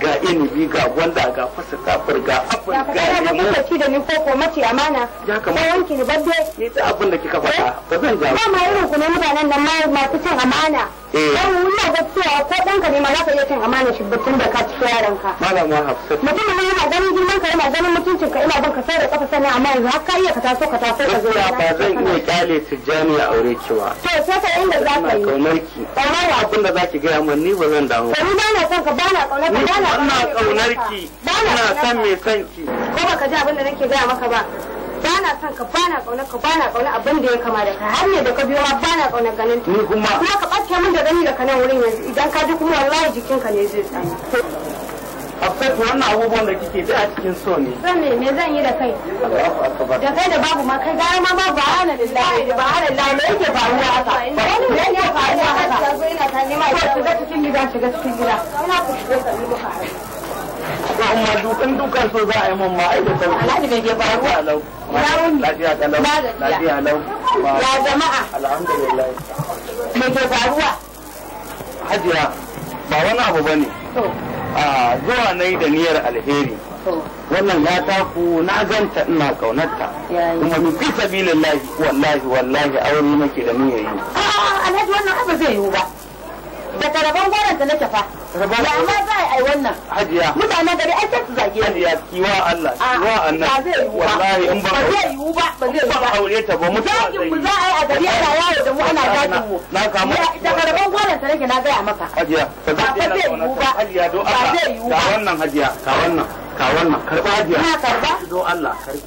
ga inibi ga gwanda ga fasa kafar ga apple ga lemu ya ka da ni ko ko mace amana ya kamata wanki ni babbe ni ta abin da kika faɗa ba zan ja ba ma irin ku ne mutanen nan ma masu cin amana don eh. ina ga cewa ko ɗanka ne ma za ka iya cin amana shi batun da ka ci yaranka malama hafsat mutum ne yana ganin girman ka yana ganin mutuncin ka ina ban ka sai da kafa sani amma yanzu har ka iya ka taso ka taso ka zo ya ba zan iya kyale tijjani a aure kiwa to sai ka inda za ka yi kaunar ki kaunar wa abin da zaki gaya min ni ba zan damu ba ni ba na son ka ba na kaunar ka ba na kaunar ki ba na son me son ki ko ba ka ji abin da nake gaya maka ba ba na son ka ba na kauna ka ba na kauna abin da ya kama da ka har ne da ka biyo ma ba na kauna ganin ta kuma kuma ka ɓace min da gani da kanan wurin yanzu idan ka ji kuma wallahi jikinka ne zai tsaya akwai wannan abubuwan da kike bi a cikin so ne so ne me zan yi da kai da kai da babu ma kai gara ma ba ba lillahi ba ala lillahi me yake faruwa haka wani me yake faruwa haka ko ina ta nema ko shiga cikin gida shiga cikin gida ina ku shiga sannu muka ko amma dukan dukan so za a yi mun ma ai da sauki alhaji bai ke faruwa lau lafiya lau ya jama'a alhamdulillah me ke faruwa hajiya ba wani abu ba ne a zuwa na yi da niyyar alheri wannan ya taku na ganta ina kaunarta kuma ni fi sabilillahi wallahi wallahi aure nake da niyyar yi alhaji wannan abu zai yiwu ba daga rabon gwaran ta nake fa ya ma za a yi wannan hajiya mutanen gari ai sai su zage hajiya kiwa Allah kiwa annabi wallahi in ba zai yiwu ba ba zai yiwu ba aure ta ba mutuwa zai mu za a yi a gari ana yawo da mu ana dakin mu na kama daga rabon gwaran ta nake na gaya maka hajiya ba zai yiwu ba hajiya do Allah ba zai yiwu ba wannan hajiya ka wannan ka wannan karba hajiya na karba do Allah karba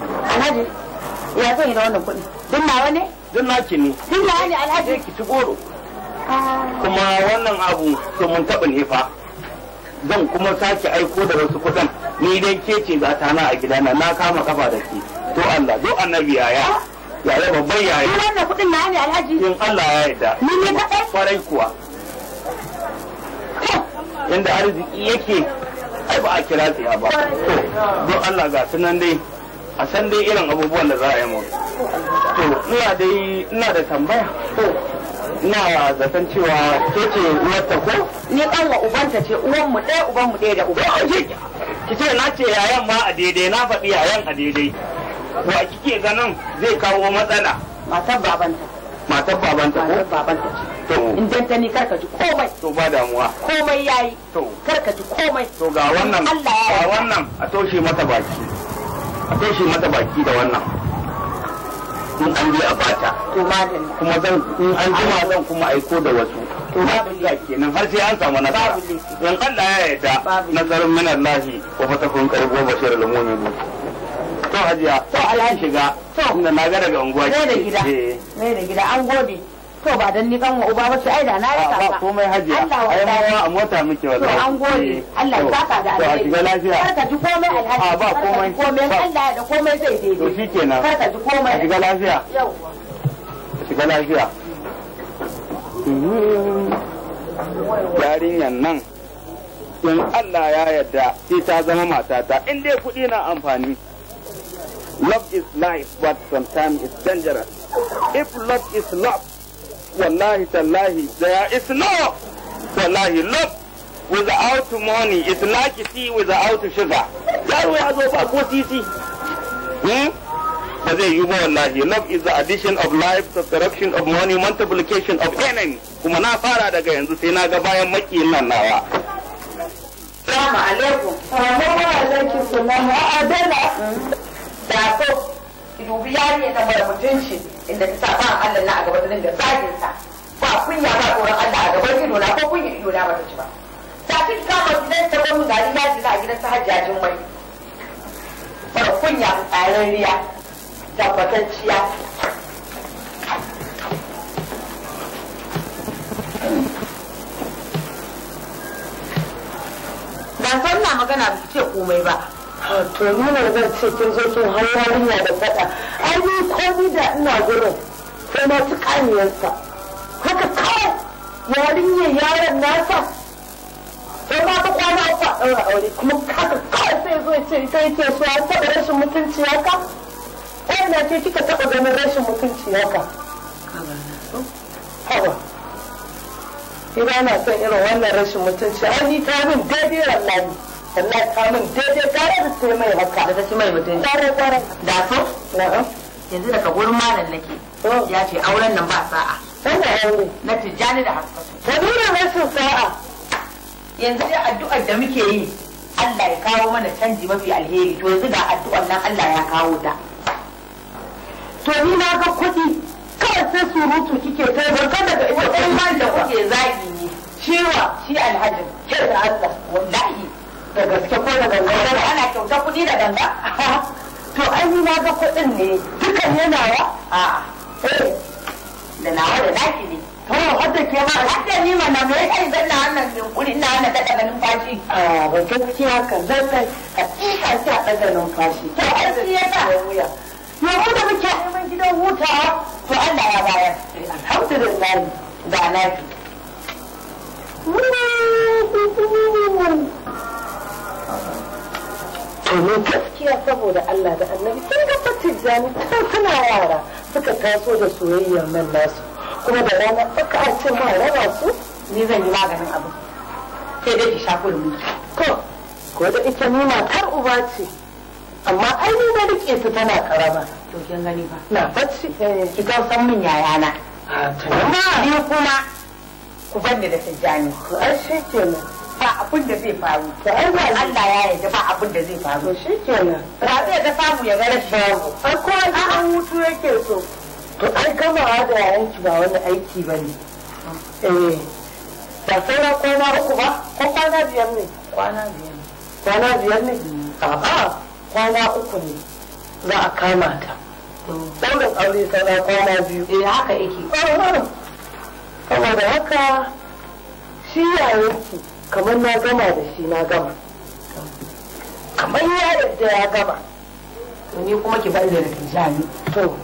Alhaji ya zan yi da wannan kuɗi duk nawa ne duk naki ne kuma wannan abu to mun taɓa ne zan kuma sake aiko da wasu kuɗin ni dai ke ce za ta a gidana na kama kafa da ke to Allah do annabi yaya babban yaya ni in Allah ya yarda ni ne kuwa inda arziki yake ai ba a kira ba to don Allah ga sunan dai a san dai irin abubuwan da za a yi mu to ina dai ina da tambaya ko ina zaton cewa ke ce uwarta ko ni uban ubanta ce uwan mu ɗaya uban mu ɗaya da uban ki ce na ce yayan ma a daidai na faɗi yayan a daidai wa kike ganin zai kawo matsala matar babanta matar babanta ko babanta ce to in dan ni karka ji komai to ba damuwa komai yayi to karka ji komai to ga wannan Allah ya wannan a toshe mata baki akwai shi mata baki da wannan in an je a bata kuma zan in an jima zan kuma aiko da wasu to babu ya kenan har sai an samu nasara in Allah ya yarda nasarun min Allah wa fatahun qarib wa bashirul mu'minin to hajiya to Allah shiga to na ga daga unguwa ne da gida ne eh. da gida an gode to ba dan ni kan wa uba wasu ai da na raka ka ba komai hajiya ai ma a mota muke wallahi to an gode eh, Allah ya saka da alheri to a lafiya kar ka ji komai alhaji ba komai komai Allah da komai zai daidai to shikenan kar ka ji komai a shiga lafiya yawa shiga lafiya yarinyan nan in Allah ya yarda sai ta zama matata in dai kuɗi na amfani love is life but sometimes it's dangerous if love is love wallahi tallahi there is no wallahi love without money It's like tea without sugar yaro ya zo ba ko titi hmm? ba zai yi ba wallahi love is the addition of life the corruption of money multiplication of enemy kuma na fara daga yanzu sai na ga bayan makiyin nan nawa Assalamu alaikum. Wa alaikum salam. Adala. Dako. ki dubi yarinya ta mara mutunci inda ta sa ba Allah na a gaba ta da zagin sa ba kunya ba tsoron Allah a gaban ido na ko kunya ido na bata ci ba tafi kama gidan ta gwamnu da ni yaji na gidan ta hajjajin mai mara kunya tsararriya tabbatacciya ban san na magana ba ce komai ba to nuna zan ce kin zo kin hau yarinya da faɗa ai ni ko da ina gurin sai na ci kaniyarsa haka kawai yarinyar yaron nasa sai ma ta kwana uku a ɗaura aure kuma haka kawai sai zo ce ita yake so an taɓa rashin mutunci haka wannan ce kika taɓa ganin rashin mutunci haka hawa ina na son irin wannan rashin mutunci ai ni ta min daidai wallahi sannan kawo min daidai tare da sai mai haka da ta ci mai mutum tare kwarai da so yanzu daga gurin malam nake oh. ya ce auren nan ba sa'a na tijjani da haskatu ta nuna rashin sa'a yanzu dai addu'ar da muke yi Allah ya kawo mana canji mafi alheri to yanzu ga addu'ar nan Allah ya kawo ta to ni na ga kuɗi kawai sai surutu kike ta barka daga ita ɗan da kuke zagi ne ciwa shi alhaji kira Allah wallahi da gaske ko da ganga da ana kyauta kuɗi da ganga to ai ni ma ga kuɗin ne dukan yana wa a eh da nawa da naki ne to hadda ke ma hadda ni ma na mai kai zanna wannan yunkuri na na da daga numfashi a ba gaskiya ka zanna ka tsika sai a daga numfashi to ai shi yasa ya mu da muke neman gidan hutawa to Allah ya bayar alhamdulillah da naki Woo! domin gaskiya saboda Allah da annabi sun ga fatijani tun suna yara suka taso da soyayyar nan nasu kuma da rana aka a ce ma raba su ni zan yi maganin abu sai dai ki sha kurmi to ko da ita ni matar uba ce amma ai ni na rike su tana karama to kin gani ba na bacci eh, ki ta san min yayana a to ni kuma ku banni da tijjani to kenan ba abin da zai faru da Allah ya yarda ba abin da zai faru shi kenan rabe da samu ya gara babu ai ko an hutu yake so to ai gama da yayanki ba wani aiki bane eh ba saura kwana uku ba ko kwana biyar ne kwana biyar ne. kwana biyar ne a'a kwana uku ne za a kama ta daurin aure saura kwana biyu eh haka yake saboda haka shi yayanki kamar na gama da shi na gama kamar ya yadda ya gama to ni kuma ki bari da tijani to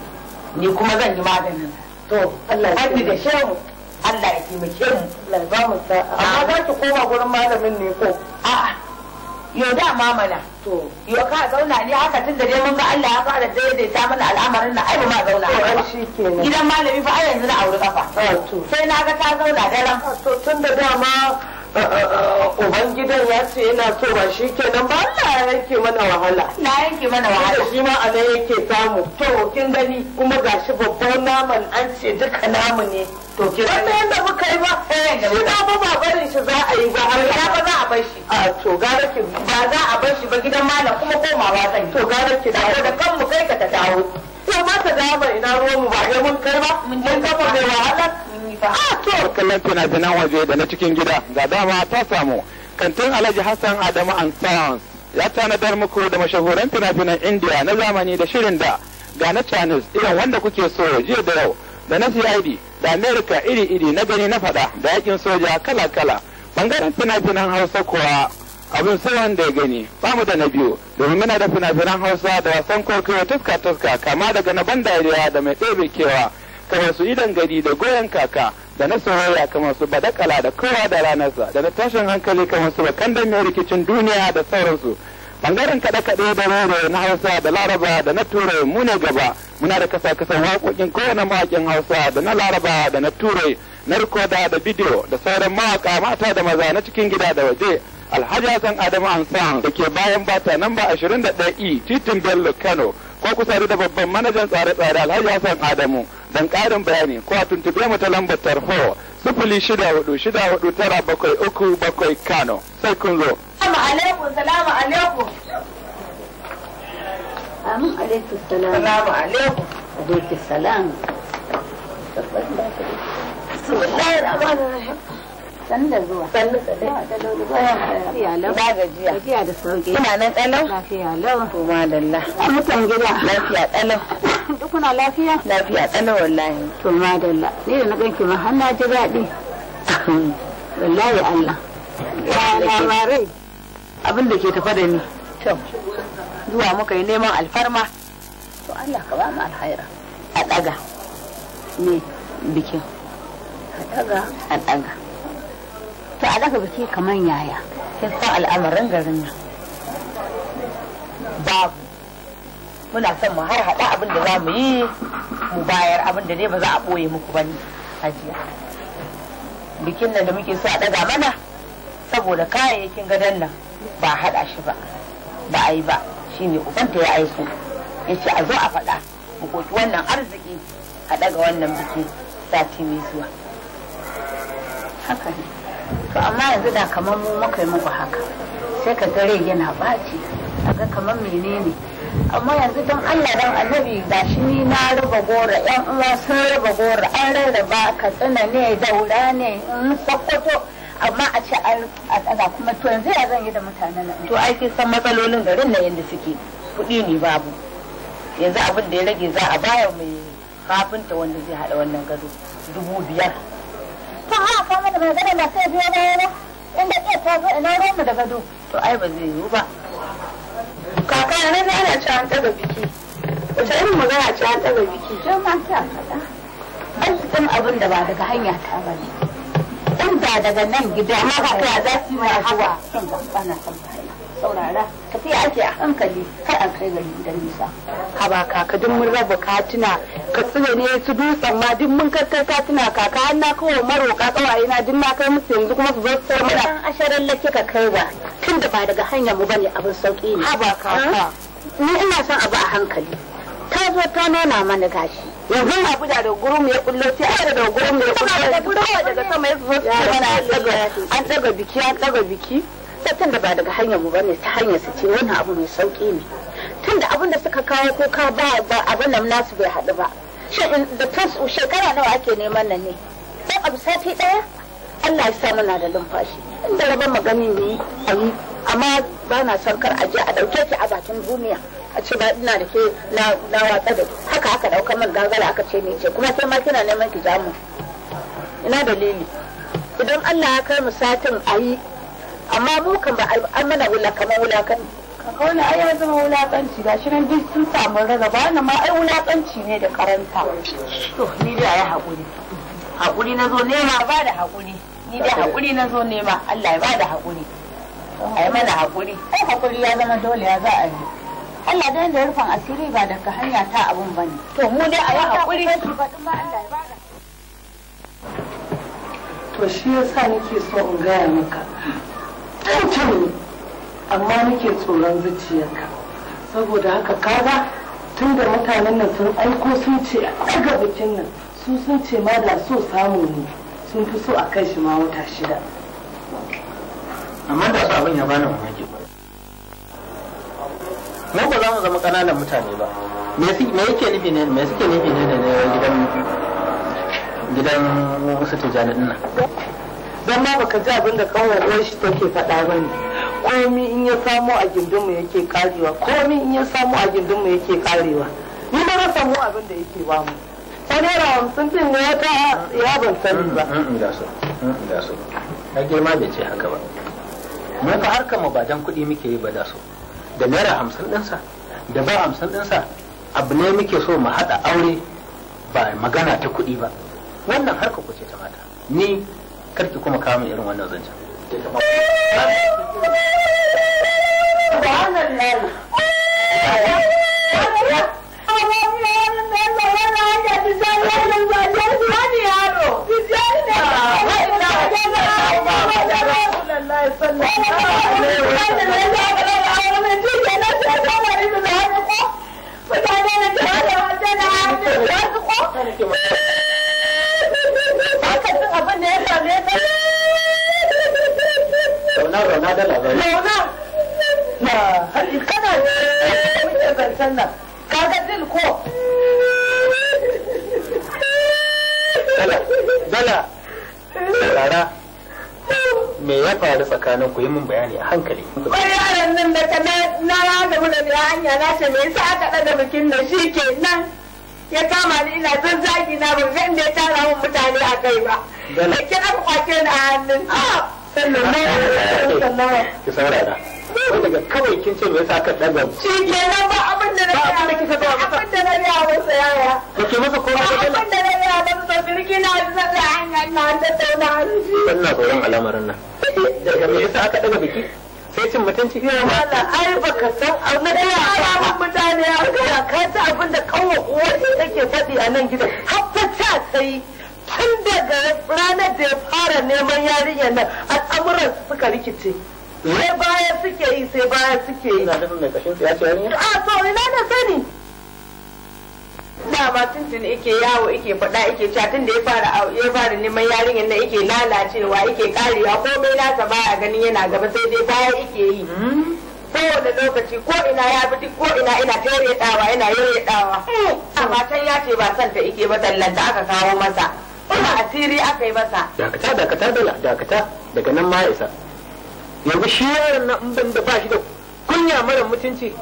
ni kuma zan yi maganin to Allah ya yi da shehu Allah ya taimake mu Allah ya ba mu sa'a amma za ki koma gurin malamin ne ko a'a yau da mamana to yau ka zauna ni haka tun da dai mun ga Allah ya fara daidaita mana al'amarin na ai ma zauna gidan malami fa ai yanzu na auri kafa sai na ga ta zauna daren to tun da dama ubangidan ya ce yana so ba shi kenan ba Allah ya yanke mana wahala na yanke mana wahala shi ma a nan yake samu to kin gani kuma ga shi babban naman an ce duka namu ne to kin gani. wannan yanda muka yi ba eh, shi na ba ba barin shi za a yi ba har ya ba za a bar shi a to gara ki ba za a bar shi ba gidan malam kuma komawa zan to gara ki dawo da kanmu kai ka ta dawo Ko ma ta dawo ina ruwan mu ba mun kai ba mun ba mai wahala Khalifa. Ah, to kallon fina-finan waje da na cikin gida ga dama ta samu. Kantin Alhaji Hassan Adamu and Science ya tanadar muku da mashahuran fina-finan India na zamani da shirin da ga na Chinese irin wanda kuke so jiya da yau da na CID da America iri-iri na gani na fada da yakin soja kala-kala. Bangaren fina-finan Hausa kuwa abin sai wanda ya gani bamu da na biyu domin muna da fina-finan hausa da wasan kwaikwayo tuska-tuska kama daga na ban dariya da mai ɗebe kewa kamar su idan gari da goyon kaka da na soyayya kamar su badakala da kowa da ranarsa da na tashin hankali kamar su bakandan mai rikicin duniya da sauransu bangaren kaɗe-kaɗe da rere na hausa da laraba da na turai mu ne gaba muna da kasa kasan waƙoƙin kowane mawaƙin hausa da na laraba da na turai na rikoda da bidiyo da sauran mawaƙa mata da maza na cikin gida da waje alhaji hassan adamu ansan da ke bayan bata namba 21 e titin bello kano ko kusa da babban manajan tsare-tsare alhaji hassan adamu dan ƙarin bayani ko a tuntube mu ta lambar tarho sifili shida hudu shida hudu tara bakwai uku bakwai kano sai kun zo. Salamu alaikum salamu alaikum. Amin alaikum salamu. Salamu alaikum. Alaikum salamu. Bismillahirrahmanirrahim. Sannu da zuwa. Sannu da zuwa. ta Lafiya lau. Ina gajiya. Gajiya da sauki. Ina nan tsalau. Lafiya lau. To madalla. Mutan gida. Lafiya tsalau. Duk kuna lafiya? Lafiya tsalau wallahi. To madalla. Ni da na ganki ma har na ji daɗi. Wallahi Allah. Ya labarai. Abin da ke tafa da ni. To. Zuwa muka yi neman alfarma. To Allah ka ba mu alkhaira. A ɗaga. ne bikin. A ɗaga. A ɗaga. to a daga biki kamar yaya sai san al'amarin garin nan babu muna son mu har haɗa abin da za mu yi mu bayar abin da ne ba za a ɓoye muku ba ne hajiya bikin nan da muke so a ɗaga mana saboda kayayyakin gadon nan ba a haɗa shi ba ba a yi ba shi ne ubanta ya aiko ya ce a zo a faɗa mu koki wannan arziki a ɗaga wannan biki sati mai zuwa haka ne to amma yanzu da kamar mu muka yi muku haka sai ka gare yana baci a ga kamar menene amma yanzu don allah don annabi ga shi ni na raba gora yan uwa sun raba gora an rarraba ka tsina ne daura ne in mm, kwakwato amma a ce a tsaga kuma to yanzu ya zan yi da mutanen nan to ai sai san matsalolin garin na yadda suke kuɗi ne babu yanzu abin da ya rage za a bayar mai kafinta wanda zai haɗa wannan gado dubu biyar ta ha ka mana ba gada na sai biyo na yana inda ke ta zo ina ruwan mu da gado to ai ba zai yiwu ba kaka yana na ana ci an taba biki wace irin magana ci an taba biki don ma ta faɗa an su san abin da ba daga hanya ta ba ne dan da daga nan gida ma ka za su yi mai hawa kan bana kan saurara tafiya ake a hankali kar a kai gari da nisa haba kaka duk mun raba katuna ka tsire ne su dutsen ma duk mun karkar katuna kaka har na kawo maroka kawaye na duk na kai musu yanzu kuma su zo su sai mana asharar lake ka kai ba tun da ba daga hanyar mu bane abin sauki ne haba kaka ni ina son abu a hankali ta zo ta nuna mana gashi yanzu na buga da gurum ya kullo sai aka da gurum ya kullo daga sama ya zo su mana an daga biki an daga biki gaskiya da ba daga hanyar mu bane ta hanyar su ce wannan abu mai sauki ne tun da abin da suka kawo kuka ba ba abin nan nasu bai haɗu ba shin da tun shekara nawa ake neman nan ne dan abu sati ɗaya. Allah ya sa muna da lumfashi in da rabar magani ne a yi amma ba na son kar a je a ɗauke ki a bakin duniya a ce ba ina da ke na watsa da haka haka ɗaukar man gagara aka ce ni ce kuma sai ma kina neman ki jamu ina dalili idan Allah ya kai mu satin a amma mu kan ba an mana wulakan wulakan wani ai ya zama wulakanci ga shi nan duk sun samu raga ba wannan ma ai wulakanci ne da karanta to ni da ya haƙuri hakuri. na zo nema ba da hakuri. ni da hakuri na zo nema Allah ya ba da haƙuri ai mana hakuri. ai hakuri ya zama dole ya za a yi Allah da yanda rufin asiri ba daga hanya ta abun bane to mu dai a yi haƙuri to shi yasa nake so in gaya maka tuntun amma nake tsoron zuciyarka saboda haka kaga tun da mutanen nan sun aiko sun ce a ɗaga bikin nan su sun ce ma da so samu ne sun fi so a kai shi ma wata shida amma da su abin ya bani mamaki mu ba za mu zama ƙananan mutane ba me yake nufi ne me suke nufi ne da gidan gidan wasu tijani nan don ma baka ji abin da kawai shi take faɗa ba ne komi in ya samu a gindinmu yake karewa komi in ya samu a gindinmu yake karewa ni ba na samu abin da yake ba mu ta naira hamsin din ne wata ya ban sani ba mm, mm, mm, da so da so na girma bai ce haka ba mu fa harkar mu ba dan kuɗi muke yi ba da so da naira hamsin ɗinsa da ba hamsin ɗinsa abu ne muke so mu haɗa aure ba magana ta kuɗi ba wannan harka ku ce ta mata ni kar ki kuma kawo irin wannan zancen Thank you. akasin abin da ya same ka rauna rauna da labari rauna na kana ne muke zancen nan kaga dil ko dala rara me ya faru tsakanin ku yi min bayani a hankali ko yaran nan da ta na ya da mu da hanya na ce me yasa aka ɗaga bikin da shi ke nan. ya kama ni ina son zaki na ba zan inda ya tara mun mutane a kai ba da ke aka kwace ni a hannun ah! Ah! Ah! ki saurara ko daga kawai kin ce me yasa ka daga shi kenan ba abin da na ba abin da kika Ba abin da na ya masa yaya ba ke masa ko ba abin da na ya masa birki na zalla hanya na da tauna shi wannan tsoron al'amarin nan daga me yasa aka daga biki sai cin mutunci ya mala ai baka san abu na daya ba mutane ya ga ka ta abin da kawo wani take faɗi a nan gidan ta sai tun daga ranar da ya fara neman yarinya nan al'amuran suka rikice sai baya suke yi sai baya suke yi ina da mai kashin ya ce a to ina da sani dama tuntun ike yawo ike faɗa ike cewa tun da ya fara ya fara neman yarinyar nan ike lalacewa ike karewa ko komai nasa a ganin yana gaba sai dai baya ike yi hmm? kowane lokaci ko ina ya bi ko ina ina ta yaryedawa yana dawa amma can ya ce ba santa ike ba tallan da aka kawo masa kuma asiri aka yi masa dakata dakata dala dakata daga nan ma isa yanzu shi yaron na in ban da ba shi da kunya mara mutunci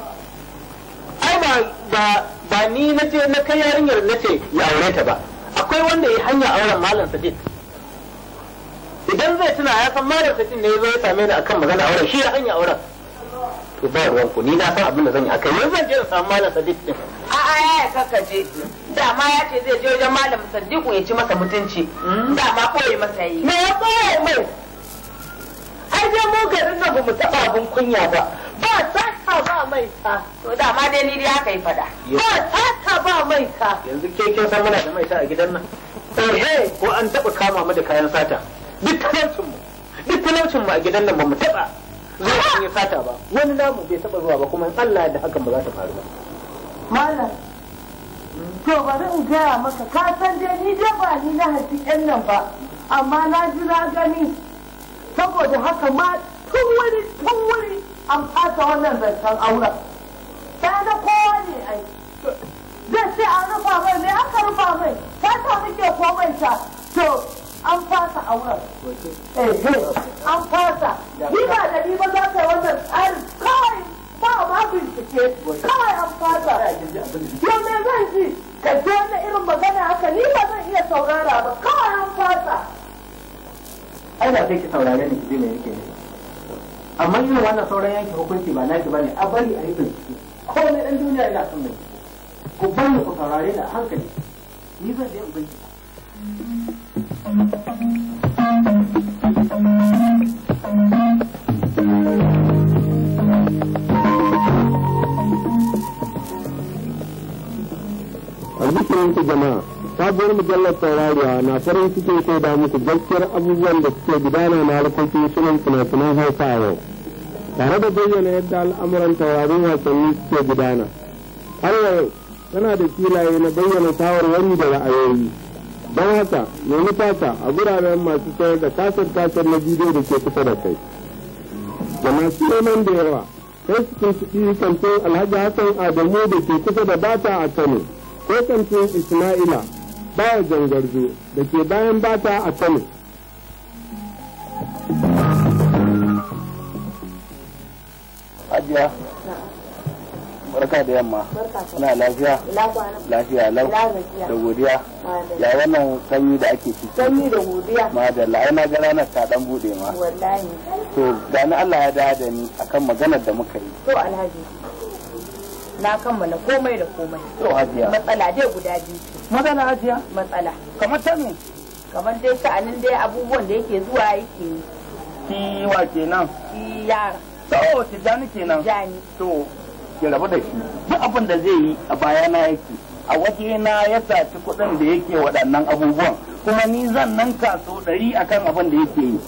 ai ba ba ba ni na je na kai yarinyar na ce ya aure ta ba akwai wanda ya hanya auren malam sa idan zai tuna ya san malam sadiq ne ya zo ya same ni akan magana auren shi ya hanya auren to ba ruwan ku ni na san abin da zan yi akai yanzu zan je na samu malam sadiq din a a ya kaka je dama ya ce zai je wajen malam sadiq ya ci masa mutunci hmm? dama koyi masa yi me ya koyi mai ai dai mu garin nan bamu taba abin kunya ba ba sata ba mai ta to da ma dai ni dai aka yi fada ba ta ba mai ta yanzu ke kin san muna da mai ta a gidan nan eh ko an taba kama mu da kayan sata duk talaucin mu duk talaucin mu a gidan nan bamu taba zuwa yi sata ba wani namu bai taba zuwa ba kuma in Allah da hakan ba za ta faru ba malam to bari in gaya maka ka san dai ni dai ba ni na hasi nan ba amma na ji na gani saboda haka ma tun wani tun wani an fasa wannan zancen auren ta na kowa ne ai zai ce an rufa mai ne aka rufa mai ta ta muke komai ta to an fasa auren an fasa ni ba da ni ba za ka wannan tsarin kawai ba ma bincike kawai an fasa yau me zan ji ka je wani irin magana haka ni ba zan iya saurara ba kawai an fasa ai da sai ki saurare ni ki ji me yake ne amma irin wannan sauran yanke hukunci ba naki bane a bari a yi bincike ko ne dan duniya ina son bincike ku bani ku saurare ni a hankali ni zan je in bincike a jikin jama'a sabuwar mujallar taurariya na farin suke ko da muku gaskiyar abubuwan da suke gudana na harkokin sunan fina-finan hausa a yau tare da bayyana yadda al'amuran taurarin wasanni suke gudana har yau tana da filaye na bayyana shawarwari da ra'ayoyi don haka nemi tasa a guraren masu sayar da kasar kasar na bidiyo da ke kusa da kai da masu neman da yawa sai su tuntuɓi kantin alhaji hassan adamu da ke kusa da bata a kano ko kantin isma'ila baya zangarzo da ke bayan bata a kano barka da yamma na lafiya lafiya da godiya ya wannan sanyi da ake ciki sanyi da godiya madalla ai na ga ranar ta dan bude ma wallahi to gani Allah ya da ni akan maganar da muka yi to alhaji na kammala komai da komai to hajiya matsala dai guda biyu matsala hajiya matsala kamar ta me kamar dai sha'anin dai abubuwan da yake zuwa yake ki wa kenan ki yara to tijani kenan tijani to ki rabu da shi duk abin da zai yi a bayana yake a waje na ya saci kuɗin da yake waɗannan abubuwan kuma ni zan nan kaso ɗari akan abin da yake yi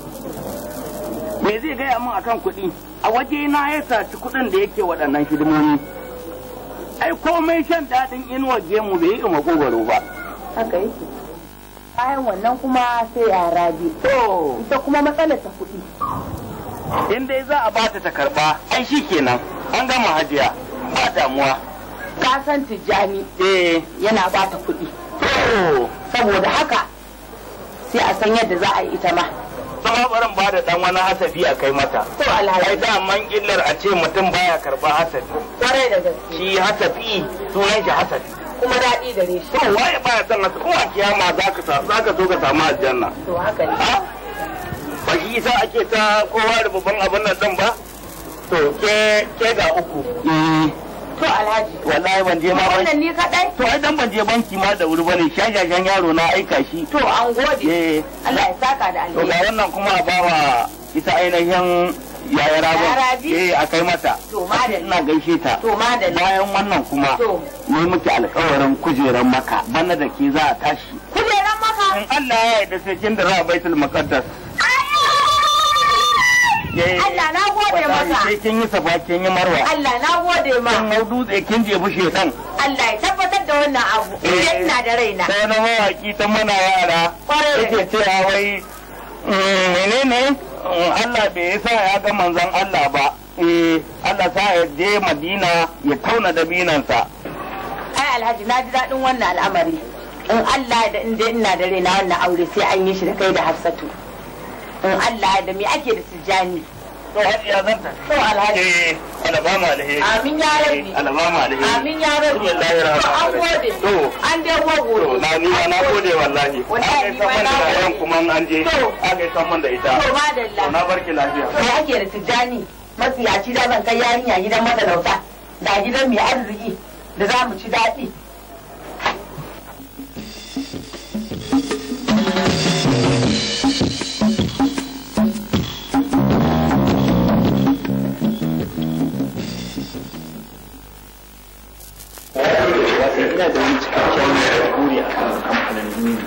me zai gaya min akan kuɗi a waje na ya saci kuɗin da yake waɗannan hidimomi ai komai shan daɗin inuwar gemu bai yi makogwaro ba haka yake bayan wannan kuma sai a rabi to ita kuma matsalar ta kuɗi in dai za a bata ta karba ai shi kenan an gama hajiya ba damuwa ka san tijjani eh yana bata kuɗi saboda haka sai a san yadda za a yi ita ma sama barin ba da dan wani hasafi a kai mata to alhaji ai man illar a ce mutum baya karba hasafi kwarai da gaske shi hasafi sunan shi hasafi kuma daɗi da shi to wai baya son na kuma kiyama zaka zaka za ka samu aljanna to haka ne ba shi isa ake ta kowa da babban abin nan ba to ke ke ga uku eh. to alhaji wallahi ban je ma ban wannan ni kadai to ai dan ban je banki ma da wuri bane shashashan yaro na aika shi to an gode eh Allah ya saka da alheri to ga wannan kuma a bawa ita ainihin yaya rabi eh a kai mata to da ina gaishe ta to ma da bayan wannan kuma To. ne muke alƙawarin kujeran maka bana da ke za a tashi kujeran maka in Allah ya yarda sai kin da za a baitul maqaddas Allah na gode masa. Sai kin yi safa kin yi marwa. Allah na gode ma. Kin mu dutse kin je bushe kan. Allah ya tabbatar da wannan abu. Eh, Idan ina da raina. Sai na mawaki ta mana yara. Kwarai. Yake cewa wai mm, menene mm, Allah bai sa ya ga manzon Allah ba. Eh Allah sa ya je Madina ya tauna da binansa. Ai Alhaji na ji daɗin wannan al'amari. In Allah da inda ina da raina wannan aure sai an yi shi da kai da Hafsatu. Allah da me ake da Tijani. to hajiya ya zanta. to alhaji eh ba mu alheri amin ya rabbi eh, ba mu alheri amin ya rabbi wallahi rahama an to an dai gogo goro. na ni na gode wallahi wallahi ni ma na gode kuma an je an kai san da ita to madalla to na barki lafiya Me ake da masu matsiyaci da zan kai yarinya gidan matalauta da gidan mai arziki da za mu ci daɗi.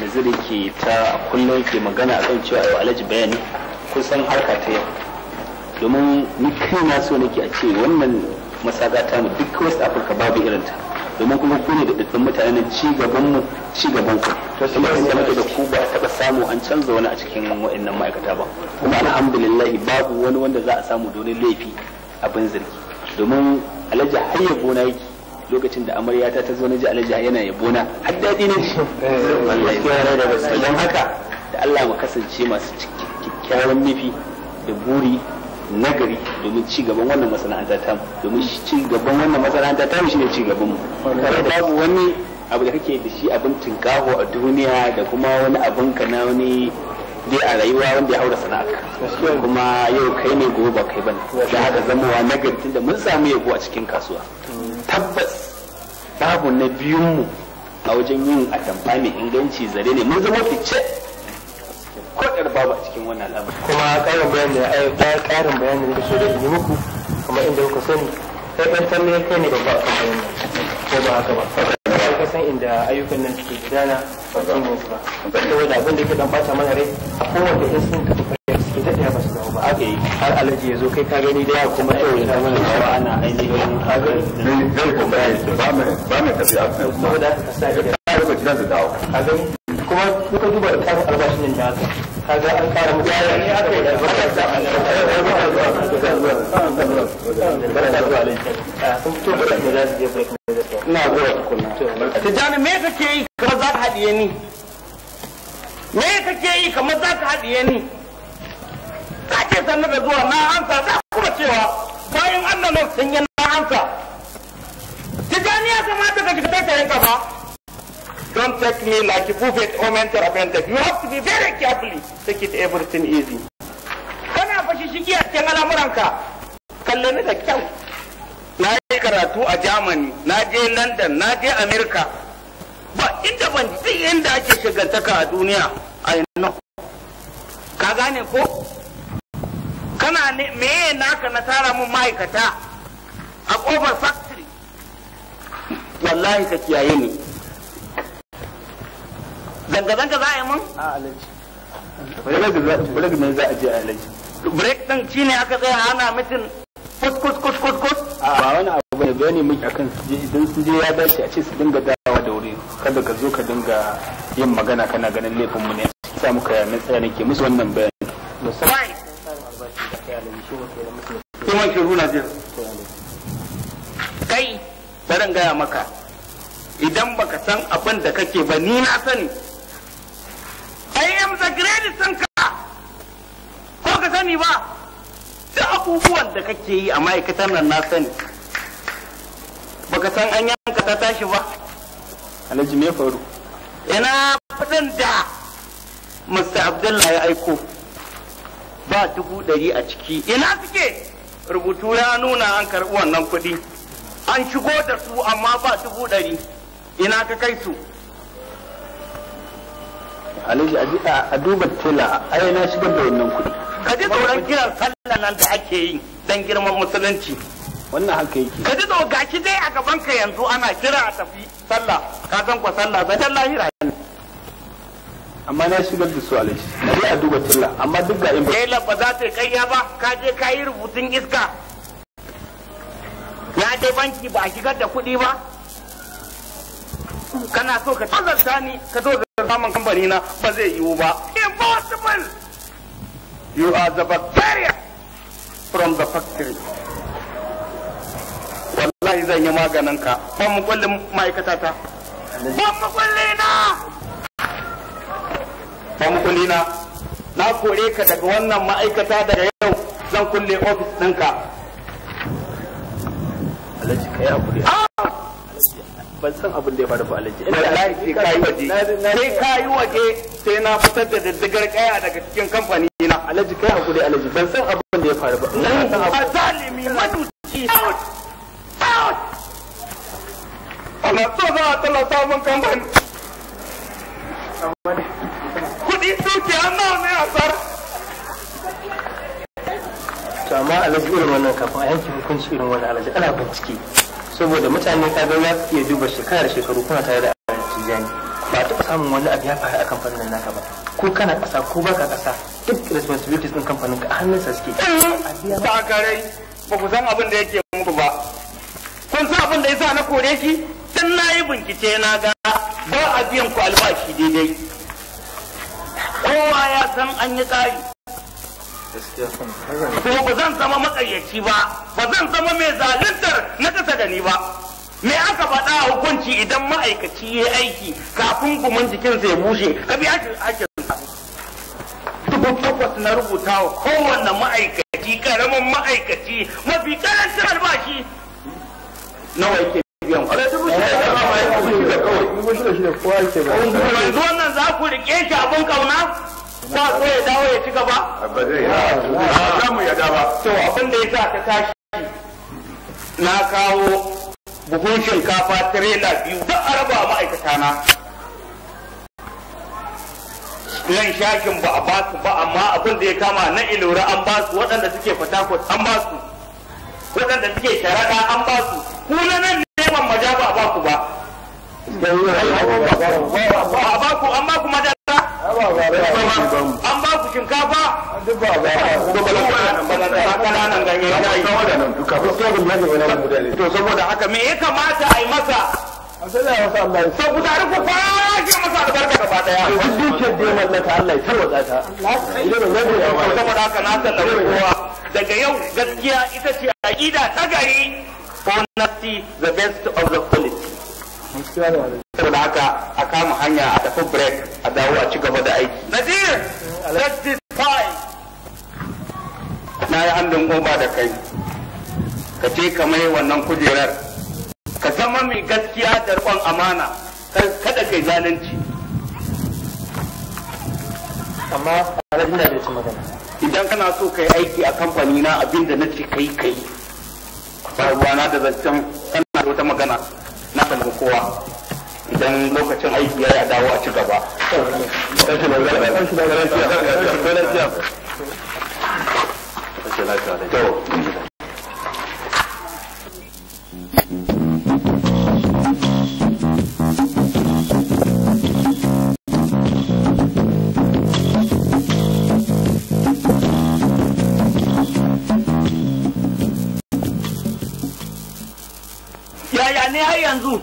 naziri ke ta kullum ke magana a kan cewa yau alhaji bayani kusan harka ta yau domin ni kai na so nake a ce wannan masaga ta mu duk wasu afirka babu irin ta domin kuma ku ne da dukkan mutanen ci gaban mu ci ku kuma da da ku ba taba samu an canza wani a cikin wa'annan ma'aikata ba kuma alhamdulillah babu wani wanda za a samu dole laifi abin zargi domin alhaji har yabo na yake lokacin da amaryata ta zo na ji alaji yana yabo na har daɗi ne don haka da Allah mu kasance masu kyakkyawan nufi da buri nagari domin ci gaban wannan masana'anta ta mu domin ci gaban wannan masana'anta ta mu shine ci gaban mu kada babu wani abu da kake da shi abin tinkaho a duniya da kuma wani abin ka na wani dai a rayuwa wanda ya haura sana'a kuma yau kai ne gobe ba kai bane da haka zamowa nagari tunda mun samu yabo a cikin kasuwa tabbas babu na biyunmu a wajen yin atamfa mai inganci zare ne mun zama fice kodar babu a cikin wannan al'amari kuma karin bayani da ai ba karin bayani da so da yi muku kuma inda kuka sani sai dan ya kai ne babba kan bayani ko ba haka ba Ba ka san inda ayyukan nan suke gudana ba zan ba saboda abin da yake dan bata mana rai a kowace in sun kafa ba aka yi har alaji ya zo kai ka gani da kuma yau ya zama ana ainihin ba mai tafiya kuma da sa ba dawo kuma kuka duba da albashin nan da an ya aka yi da ba an da me kake yi ka haɗiye yi kamar za ka haɗiye ni sake sanar da zuwa na ansa da kuma cewa bayan annaban sun yi na ansa tijaniya kamata ka fita ta yanka ba don't take me like a buffet or oh mentor appendix you have to be very carefully take it everything easy kana fashi shigi a cikin al'amuranka kalle ni da kyau na yi karatu a germany na je london na je america ba inda ban duk inda ake shigantaka a duniya a yi yanzu ka gane ko kana ne meye naka na tara mun ma'aikata a kofar factory wallahi ka kiyaye ni zanga-zanga za a yi mun? a alaji ne za a je a alaji break din shi ne aka tsaya ana mutum kuskus kuskus kus ba wani abu ne bayani muke akan su je idan su. je ya dace a ce su dinga dawa da wuri kada ka zo ka dinga yin magana kana ganin laifin mu ne sa muka na tsaya nake musu wannan bayani kuma ke runa jiya. kai barin gaya maka idan baka san abin da kake ba ni na sani ai am the greatest san ka ko ka sani ba da abubuwan da kake yi a ma'aikatan nan na sani baka san an yanka ta tashi ba alhaji me faru ina kudin da Mr. Abdullahi ya aiko ba dubu ɗari a ciki ina suke rubutu ya nuna an karɓi wannan kuɗi an shigo da su amma ba dubu ɗari ina ka kai su alhaji a duba tela a na shigar da wannan kuɗi ka ji tsoron kiran sallan nan da ake yi don girman musulunci wannan haka yake ka ji tsoron gashi dai a gaban ka yanzu ana kira a tafi sallah ka san kwa sallah sai sallah hira ne amma na shigar da su a alaji na yi a duba tilla amma duk ga imba. kai ba za ta kaiya ba ka je ka yi rubutun iska ya je banki ba a shigar da kuɗi ba kana so ka zarta ni ka zo zarta samun kambari na ba zai yiwu ba impossible you are the bacteria from the factory wallahi zan yi maganin ka ban kullum ma'aikata ta ban na. famkulina na kore ka daga wannan ma'aikata daga yau zan kulle ofis ɗinka alhaji kai hakuri ah! ban san abin da ya faru ba alhaji wallahi sai kai waje sai kai waje sai na fitar da diddigar kaya daga cikin kamfani na alhaji kai hakuri alhaji ban san abin da ya faru ba nan zalimi maduci out so za a talata mun kamfani alaji irin wannan kafin a yanke hukunci irin wannan alaji ana bincike saboda mutane ka ga za su iya duba shekara shekaru kuna tare da tijani ba taɓa samun wani abu ya faru a kamfanin naka ba ko kana ƙasa ko baka ƙasa duk responsibilities ɗin kamfanin ka a hannunsa suke. Eh, ba karai ba ku san abin da yake muku ba kun san abin da yasa na kore shi dan na yi bincike na ga ba a biyan ku albashi daidai kowa ya san an yi tsari to ba zan zama matsayyaci ba ba zan zama mai zaluntar na kasa da ni ba me aka faɗa a hukunci idan ma'aikaci ya aiki kafin gumin jikin zai bushe ka bi ake dubu takwas na rubuta wa kowane ma'aikaci karamin ma'aikaci mafi karancin albashi nawa yake biyan kawai wannan za ku rike shi abin kauna sa ko ya dawo ya ci gaba ba zai mu ya dawo to abin da sa ta tashi na kawo buhun shinkafa tirela biyu a araba ma'aikata na nan shakin ba a ba su ba amma abin da ya kama na ilora an ba su waɗanda suke fatakot an ba su waɗanda suke sharaɗa an ba su nan neman maja ba a ba ku ba ba ku amma ku madara an ba ku shinkafa kananan ganye to saboda haka me ya kamata a yi masa saboda ku rufe masa albarka gaba daya duk dukiyar da ya mallaka Allah ya tarwata ta saboda haka na tallafa kowa daga yau gaskiya ita ce aƙida ta gari honesty the best of the quality da haka a kama hanya a tafi break a dawo a ci gaba da aiki nadir let's this na yi hannun goma da kai ka ce ka mai wannan kujerar ka zama mai gaskiya da riƙon amana kada kai zalunci amma da ci magana idan kana so yi aiki a kamfani na abinda na ce kai kai ba ruwana da zancen kana da wata magana kowa idan lokacin aiki ya dawo a ci gaba. Yaya ne har yanzu?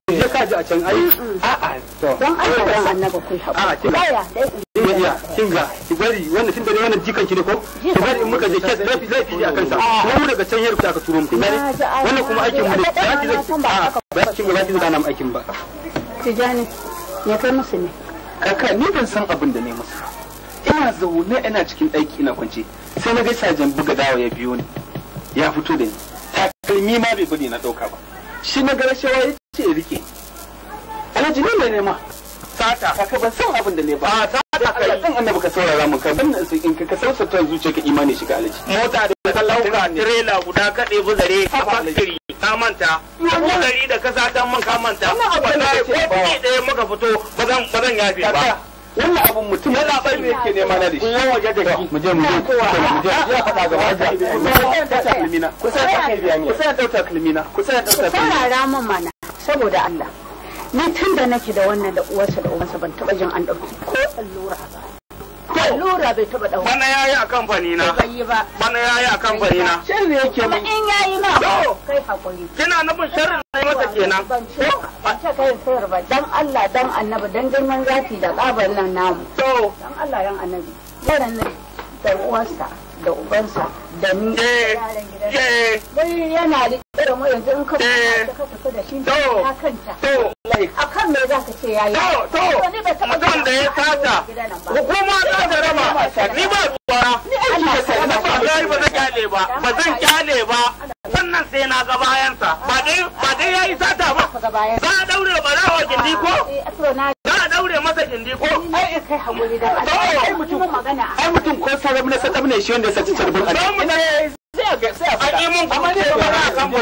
ji a can ai a'a to don Allah da annaba ku haƙuri a'a baya iya kin ga ki bari wannan tun da wannan jikan ki ne ko ki bari in muka je kes zai zai ji a kansa mu daga can yar aka turo mu bari wannan kuma aikin mu ne ba ki zai a'a ba ki ba ki zana mu aikin ba tijani ya kai musu ne kaka ni ban san abin da ne musu ina zaune ina cikin aiki ina kwance sai na ga sajan buga dawa ya biyo ni ya fito da ni takalmi ma bai bari na ɗauka ba shi na ga rashawa ya ce rike alhaji ne ne ma sata kaka ban san abin da ne ba a sata kai san annabi ka saurara mu kai wannan su in ka ka sausa ta zuciya ka imani shiga alhaji mota da ta lauka trailer guda ka ɗebi zare a factory ka manta dubu gari da kasa satan man ka manta wallahi ko ki ɗaya muka fito ba zan ba zan yafe ba wannan abun mutum yana bai me yake nema na da shi yawa da ki mu je mu je mu je ya faɗa ga wajen kusa ta takalmina kusa ta takalmina kusa ta takalmina kusa saurara mana saboda Allah ni tun da nake da wannan da uwarsa da uwarsa ban taba jin an dauki ko allura ba allura bai taba dauki bana yayi a kamfani na ba bana yayi a kamfani na shin me yake mu in yayi ma kai hakuri kina nufin sharri ne mata kenan a ce kai sayar ba dan Allah dan annabi dan girman zafi da kabarin nan namu to dan Allah dan annabi yaran nan da uwarsa da ubansa da ni eh, yaran gidan dai eh. yana da da mu yanzu in ka eh. ka fita da shi ya kanta to a kan me za ka ce ya yi to to mutum da ya sata hukuma ta da rama ni ba tsora ni da ba ba ba zan kyale ba ba zan kyale ba sannan sai na ga bayansa ba dai ya yi sata ba za a daure ba za a wajen ko a daure masa indi ko ai kai da ai mutum magana ai mutum ko na ne shi wanda ya saci a don mu ne sai ga sai a faɗi mun kuma ne ba za a san ba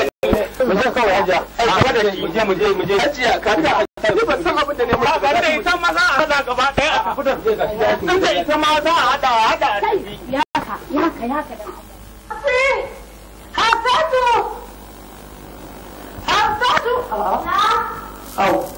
mu je kawai hajiya ai gaba da shi je mu je mu je hajiya ka ta san abin da ne da ita ma za a hada gaba ɗaya a tafi da zai ga ita ma za a hada a hada ya ka ya ka ya ka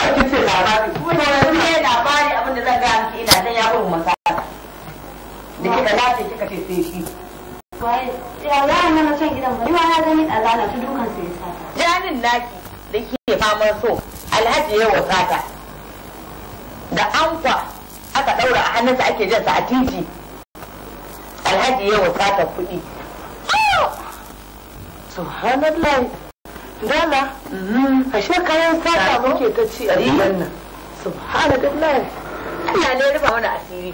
kike labari ku ne wani ne labari abin da zan ga miki ina nan ya gurin masa da kika lafi kika ce sai shi wai ya za nan can gidan ba ni ma na gani a zana su dukan sai sa janin naki da ke faman so alhaji ya wasata da ankwa aka daura a hannunsa ake jan sa a titi alhaji ya wasata kuɗi subhanallah Dala? Mm-hmm. Ashe kayan sata muke ta ci a gidan nan. subhana Subhanallah. Allah ne riba mana asiri.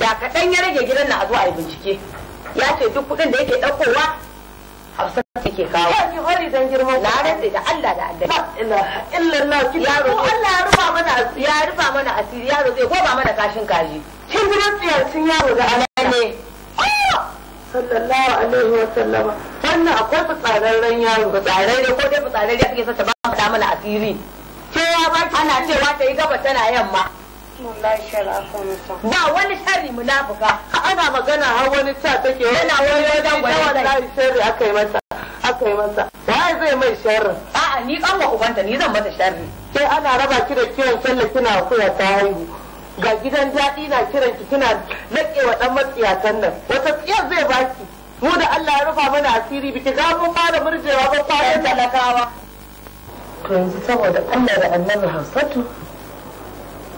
Da kaɗan ya rage gidan nan a zuwa a bincike. Ya ce duk kuɗin da yake ɗaukowa Hausa ke kawo. Kan yi hori don girman Na rantse da Allah da Allah. Illa na ki yaro. Allah ya rufa mana asiri, ya rufa mana asiri, yaro zai goba mana kashin kaji. cin gidan tsiyar sun yaro da Allah sallallahu alaihi wa sallama wannan akwai fitsararren yaro fitsararre ko dai fitsararre ake so ta ba ta mana asiri cewa ba ana cewa ta yi gaba tana yamma ba wani sharri munafuka ana magana har wani ta take yana wani wajen gwanin kai sharri aka yi masa aka yi masa wai zai mai sharri a'a ni kanwa ubanta ni zan mata sharri sai ana raba ki da kiwon sallah kina kuya ta haihu ga gidan daɗi na kiran ki kina laƙewa ɗan matsiyatan nan wata tsiyar zai baki mu da Allah ya rufa mana asiri biki ga mun fara murjewa ba kwanan talakawa to yanzu saboda Allah da annabi Hansatu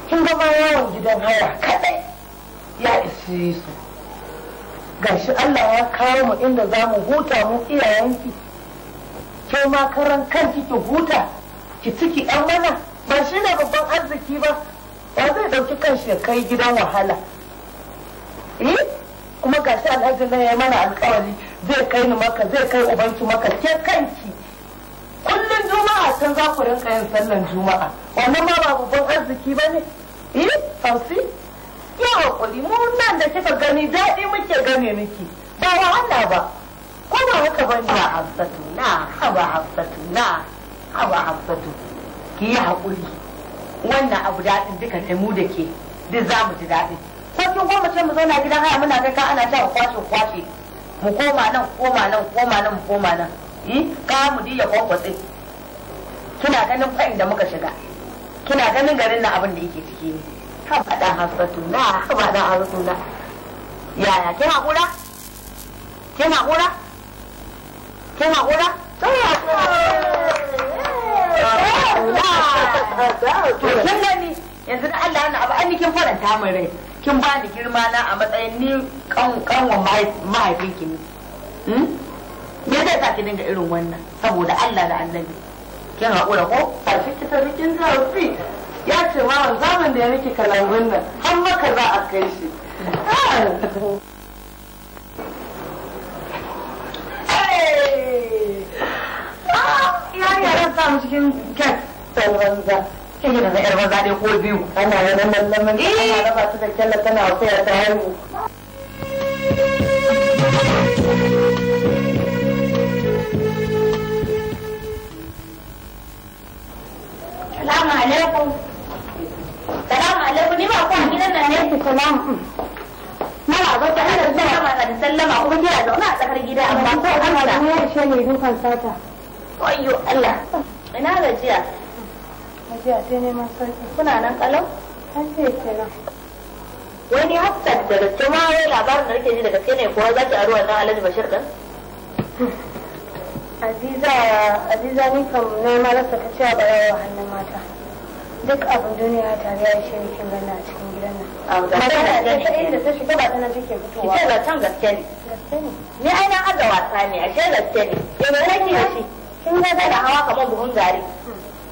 kin ga ma yawon gidan haya kaɗai? ya isi su gashi Allah ya kawo mu inda za mu huta mu iyayenki ke ma karan kanki ki huta ki ciki ɗan mana ba shi ne babban arziki ba ba zai ɗauki kanshi ya kai gidan wahala eh kuma shi alhaji na ya mana alkawari zai kai ni maka zai kai ubanki maka ke kanki kullum juma'a can za ku rinka yin sallan juma'a wannan ma ba babban arziki ba ne eh fausi ya haƙuri mu nan da kika gani daɗi muke gane miki ba wahala ba ko ba haka ba ne hafsatu na haba hafsatu na haba hafsatu ki yi haƙuri wannan abu daɗin duka ta mu da ke duk za mu ji daɗi ko kin goma ce mu zauna gidan haya muna kai ka ana ta kwashe kwashe mu koma nan koma nan koma nan koma nan yi ka mu di ya kwakwatse kina ganin fa'in da muka shiga kina ganin garin na abin da yake ciki ne ha ba dan hasbatu na ha ba dan hasbatu na yaya kina hakura kina hakura kina hakura sai ya kin yanzu da Allah na abu ainihin faranta min rai kin ba ni girma na a matsayin ni kanwan mahaifinki ne hmm? me zai sa ki dinga irin wannan saboda Allah da annabi kin haƙura ko tashi ki tafi kin zarafi ya ce ma zaman da ya rike kalangun nan har maka za a kai shi yarinya zan samu cikin kek ɗan banza kike da yar banza dai ko biyu ana yanar lallamin ana raba su da kyalla tana wata ta haihu Salamu alaikum. Salamu alaikum. Ni ba ku a gidan nan ne ku salamu. Mala ba ta hada sallama da sallama kuma kira zauna a tsakar gida amma ko an da ya ishe ne dukan sata. ayyo Allah ina gajiya gajiya sai neman sarki. kuna nan kalau an ce kenan wani hafsat da gaske ma wai labarin da nake ji da gaske ne kuwa za ki aro wannan Alhaji Bashir din Aziza Aziza ni kam na ma rasa ta cewa ba yawa hannun mata duk abin duniya tare ya ishe ni kin a cikin gidan nan magana da ta yi da ta shiga ba tana take fitowa ki ce zaton gaske ne gaske ne ni ai na aga wasa ne ashe gaske ne eh me nake da shi kin ga da hawa kamar buhun gari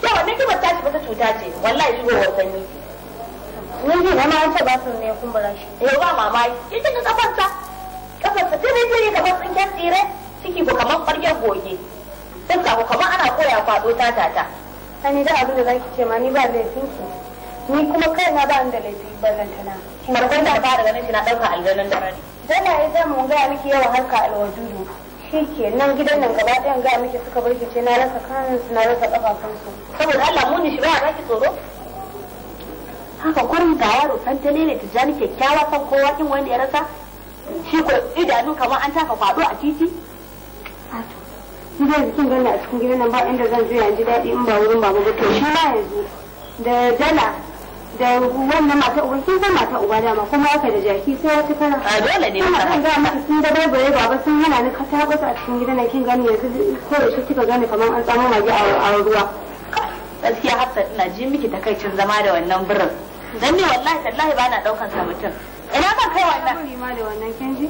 yau wannan kibar tashi wata cuta ce wallahi shigowar sanyi mun ji na an ce ba su ne kumbura shi eh ba mamaki kin ga kafarsa kafarsa tire tire kamar tsinken tsire ciki ko kamar ƙwaryar goge fuska ko kamar ana koya kwado ta ta ta ni da abin da zaki ce ma ni ba laifin ki ni kuma kai na ba da laifi ballantana markon da ba da ganin shi na ɗauka aljanun dare dala zan mun ga miki yawa harka alwajudu shi ke nan gidan nan gaba ɗayan ga miki suka ce na rasa kansu na rasa ƙafafunsu saboda Allah muni shi ba a baki tsoro haka kwarin ga yaro san ta ne ta jani kyakkyawa san kowa kin wanda ya rasa shi ko idanu kamar an taka kwado a titi wato ni da kin ganna a cikin gidan nan ba inda zan je yanzu daɗi in ba wurin babu ba to shi ma yanzu da dala da wannan mata uba sun san mata uba dama kuma aka da jaki sai wata kana a dole ne kuma kan ga maka sun da barbare baba sun hana ni ka tabbata a cikin gidan kin gani yanzu ko da shi kika gane kamar an tsamo magi a ruwa gaskiya hafsa ina ji miki takaicin zama da wannan birin dan ne wallahi tallahi ba na daukan sa mutum ina kan kai wannan bari ma da wannan kin ji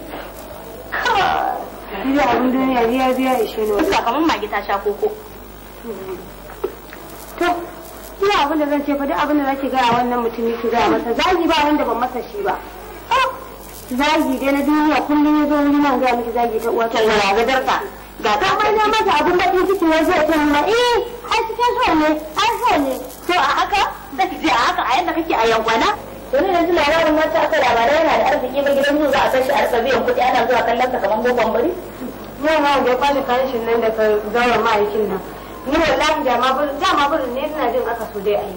Biya abin duniya biya biya ishe ne. Kamar magi ta sha koko. To, Ni abin da zan ce fa duk abin da zaki gaya wannan mutumi ki gaya masa zagi ba wanda ban masa shi ba. Oh, zagi dai na duniya kullum ya zo wuri nan gaya miki zagi ta uwata ya ga darka. Ga ta mai na masa abin bakin kike ya zo ta nuna eh ai kike so ne ai so ne. To a haka ki je a haka a yadda kake a yankwana. Wani yanzu labarin mata aka labarai yana da arziki ba gidan za a kashi a rasa biyan kuɗi ana zuwa kallon sa kamar gogon bari. Yau ma da kwali kashin nan da ka zaura ma'aikin nan. ni wallahi da ma burin da ma burin ne ina jin aka so dai ayi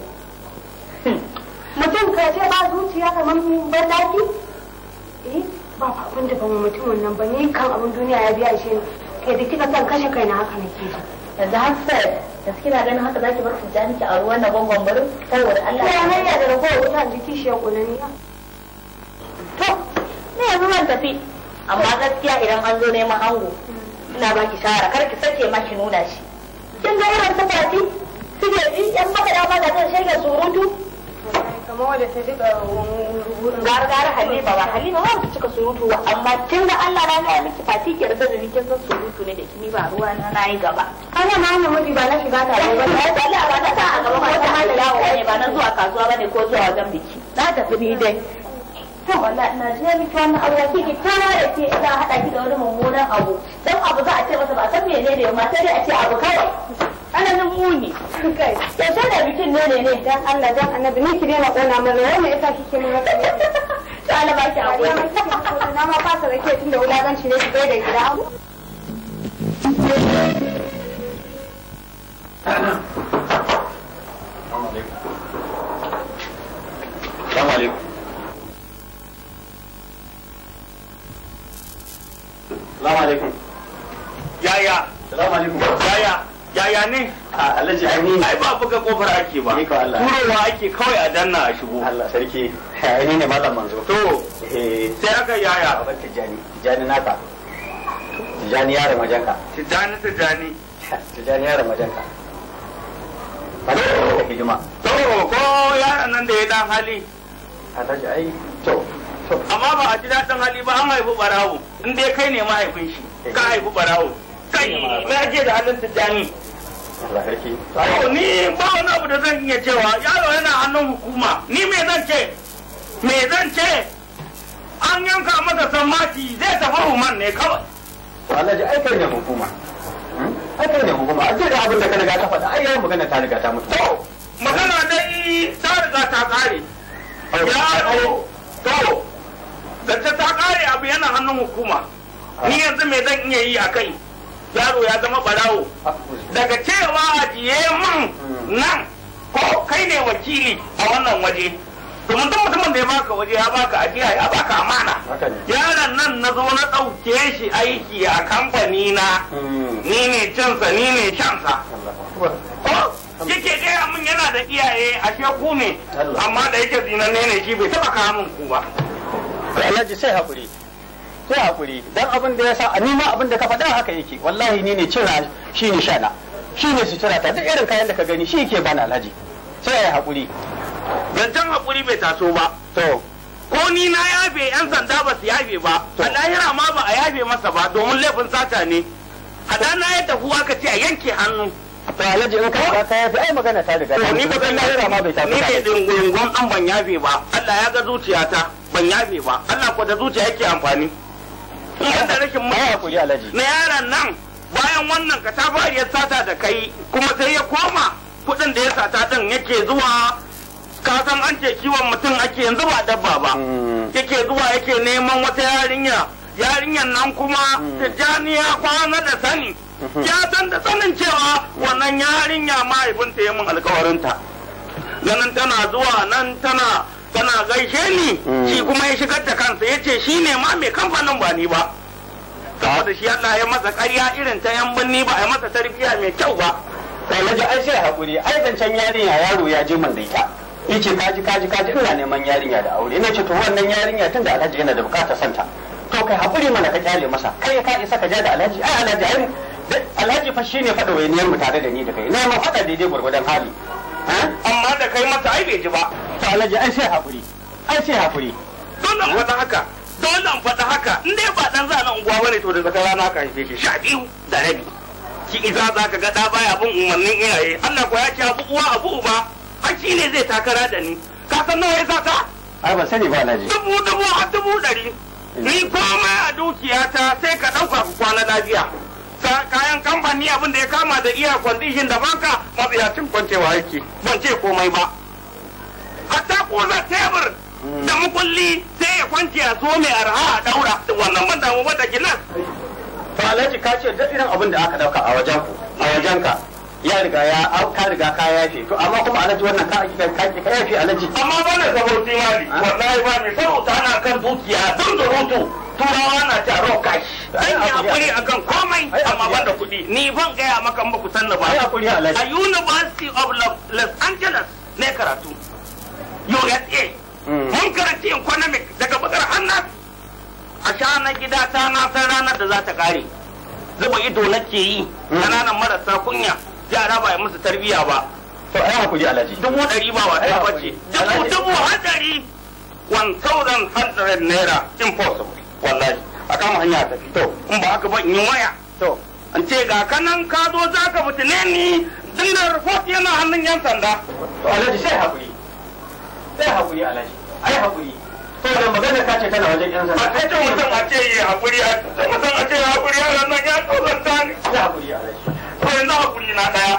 mutum ka ce ba zuciya kamar ban daki eh ba abin da ban mutum wannan ba ni kan abin duniya ya biya shi kai da kika san kashe kai na haka nake ji yanzu har sai da suke na ganin haka zaki bar fujani ki a ruwan na gongon barin saboda Allah ya hanya da ragowar wutan jiki shi ya kunaniya to ne yanzu zan tafi amma gaskiya idan an zo neman ango ina baki shawara kar ki sake ma ki nuna shi kin ga irin su baki suke ji yan maka dama da zan shege surutu kamar wanda ta jika gargara halima ba halima ba su cika surutu ba amma tun da Allah na gaya miki fati ke da sanin kin san surutu ne da kini ba ruwa na nayi gaba ana ma mu miji ba na shiga ta ba ya ta ba na ta a gaba ba ta da dawo ne ba na zuwa kasuwa bane ko zuwa wajen biki na tafi ni dai to wallahi ina ji miki wannan abu ya kike tana da ce ina hada ki da wani mummunan abu don abu za a ce masa ba san menene ne ba sai dai a ce abu kawai ananin muni kai to sai da bikin ne ne ne dan Allah dan annabi ni ki daina kona ne ne yasa kike mun ne. to Allah ba ki hakuri na ma fasa da ke tunda wulaganci ne ki bai da gida abu Assalamu alaikum. Assalamu alaikum. Salamu alaikum. Yaya. Salamu alaikum. Yaya. Yaya ne? A ah, Alhaji Aminu. Ai ba buga kofar ake ba. Ni ko Allah. Turowa ake kawai a danna a shigo. Allah sarki. Ni ne malam manzo. To. Eh. Sai aka yaya. Baban Tijjani. Tijjani naka. Tijjani ya ramajanka. Tijjani Tijjani. Tijjani ya ramajanka. Kada ka hidima. To ko yaran nan da ya dan hali. Alhaji ai. To. amma ba a ji daɗin hali ba an haifi barawo in dai kai ne mahaifin shi ka haifi barawo kai na je da halin tijjani ni ba wani abu da zan iya cewa yaro yana hannun hukuma ni me zan ce me zan ce an yanka masa sammaci zai tafi human ne kawai alhaji ai kai ne hukuma hmm? ai kai ne hukuma a ce da abin da ka riga ka faɗa ai yayin magana ta riga ta mutu to magana dai ta riga ta ya yaro to zance ta kare abu yana hannun hukuma ni yanzu me zan iya yi a kai yaro ya zama barawo daga cewa ajiye mun nan ko kai ne wakili a wannan waje domin duk mutumin da ya baka waje ya baka ajiya ya baka amana yaron nan na zo na ɗauke shi aiki a kamfani na hmm. ni ne cinsa ni ne shansa yake gaya min yana da iyaye a ku ne amma da yake zinanne ne shi bai taɓa kawo min ku ba to alhaji sai hakuri sai hakuri dan abin da ya sa a ma abin da ka faɗa haka yake wallahi ni ne cira shi ne shana shi ne su cira ta duk irin kayan da ka gani shi yake bani alhaji sai ya hakuri zancen hakuri bai taso ba to ko ni na yabe yan sanda ba su yabe ba a lahira ma ba a yabe masa ba domin laifin sata ne hada na ya tafi ka ce a yanke hannu to alhaji in ka ka yafi ai magana ta riga ni ba zan lahira ma bai taso ni ne dingungun an ban yabe ba Allah ya ga zuciyata ban yafe ba Allah ko da zuciya yake amfani yadda rashin alaji na yaran nan bayan wannan ka ta bari ya sata da kai kuma sai ya koma kuɗin da ya sata din yake zuwa ka san an ce kiwon mutum ake yanzu ba dabba ba mm. yake zuwa yake neman wata yarinya yarinyar nan kuma mm. ya kwana da sani mm-hmm. ya san da sanin cewa wannan yarinya mahaifinta ya mun alkawarinta ganin tana zuwa nan tana tana gaishe ni mm. shi kuma ya shigar da kansa ya ce shi ne ma mai kamfanin ba ni ba saboda shi Allah ya masa karya irin ta yan birni ba a masa tarbiyya mai kyau ba sai na ai sai hakuri ai zancen yarinya yaro ya je mun ita kaji kaji kaji ina neman yarinya da aure na ce to wannan yarinya tun da alhaji yana da bukatar santa to kai hakuri mana ka kyale masa kai ka isa ka ja da alhaji ai alhaji ai alhaji fa shine faɗa mu tare da ni da kai na ma faɗa daidai gwargwadon hali amma da kai masa ai bai ji ba to alhaji ai sai hakuri ai sai hakuri Don nan faɗa haka don nan faɗa haka in dai ba dan zanen unguwa bane to da zakar rana ka haife shi sha biyu da rabi ki iza za ka ga da baya bin umarnin iyaye Allah ko ya ce abu uwa abu uba haƙi ne zai takara da ni ka san nawa ya zata ai ban sani ba alhaji dubu dubu har dubu ɗari ni komai a dukiyata sai ka ɗauka ku kwana lafiya kayan kamfani abin da ya kama da iya kwandishin da baka kwance kwancewa yake ban ce komai ba hatta kusa tebur hmm. da mukulli sai ya kwanci a zo mai arha a daura wannan ban damu ba da gilas to alhaji ka ce duk irin abin da aka dauka a wajen ku a wajen ka ya riga ya ka riga ka yafe to amma kuma alhaji wannan ka ka ka yafe alhaji amma ba da sabon timali wallahi ba ne sai ana kan dukiya dun da rutu turawa na ta rokashi zan yi hakuri akan komai amma banda kuɗi ni ban gaya maka ba ku san ba a University of Los Angeles ne karatu USA hmm. mun karanci economic daga bakar hannas a shana gida ta na san ranar da za ta kare zuba ido na ke yi kananan hmm. marasa kunya yara ba musu tarbiyya ba to ai hakuri alaji dubu ɗari ba wa ɗaya bace dubu dubu hadari 1000 naira impossible wallahi a kama hanya tafi to in ba haka ba in waya to an ce ga kanan ka zo za ka mutu ne ni da report yana hannun yan sanda to alhaji sai hakuri sai hakuri alhaji ai hakuri da magana ka ce tana wajen yan sanda a ce mutum a ce yi hakuri a ce mutum a ce yi hakuri a nan ya ta ne sai hakuri alhaji to yanzu hakuri na daya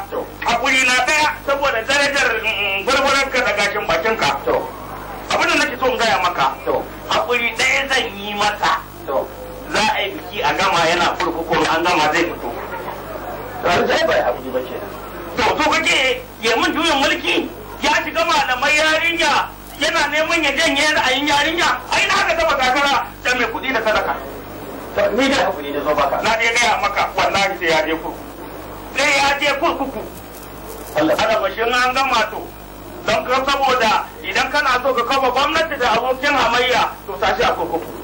hakuri na daya saboda darajar mm, gwargwaron ka da gashin bakin ka abin da nake so in gaya maka to hakuri ɗaya zan yi maka za a yi biki a gama yana kurkuku an gama zai fito zai bai abu ba ke to to kake ya mun juyin mulki ya shiga malamai yarinya yana neman ya janye ra'ayin yarinya ai na haka taba takara ta mai kuɗi da sadaka ni da hakuri da zo baka na dai gaya maka wallahi sai ya je kurkuku sai ya je kurkuku Allah bashin an gama to don saboda idan kana so ka kafa gwamnati da abokin hamayya to tashi a kurkuku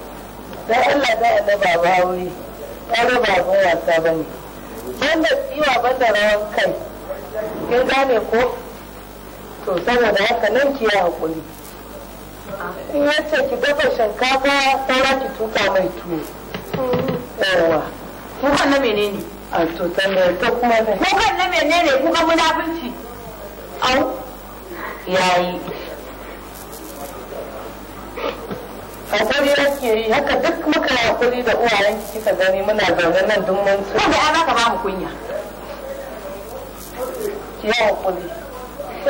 dan Allah da Allah ba ba wuri kare ba ba wasa bane banda tsiwa banda rawan kai kin gane ko to saboda haka nan ki ya haƙuri. in ya ki dafa shinkafa saura ki tuka mai tuwo yawa kukan na menene a to tambayar ta kuma ne kukan na menene kukan munafunci au yayi hakuri ake yi haka duk muka hakuri da uwayen kika gani muna zaune nan duk mun so da ana ka ba mu kunya ki yi hakuri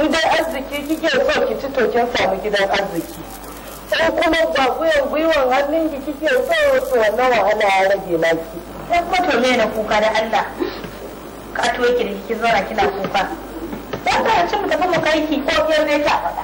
in dai arziki kike so ki ci to kin samu gidan arziki ko kuma ba gwiwan gwiwan hannun ki kike so to wannan wahala ya rage laki sai ko to na kuka da Allah ka to yake da kike zauna kina kuka dan ka ci mu tafi mu kai ki ko kin ne ta faɗa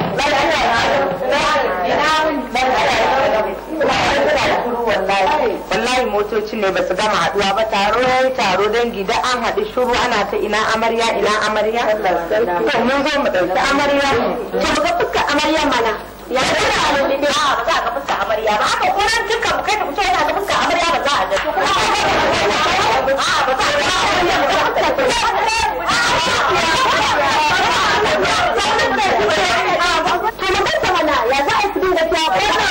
motocin ne basu gama haduwa ba taro ya yi taro dangi da an haɗu shuru ana ta ina amarya ina amarya ya ba za ka a ga ba za ya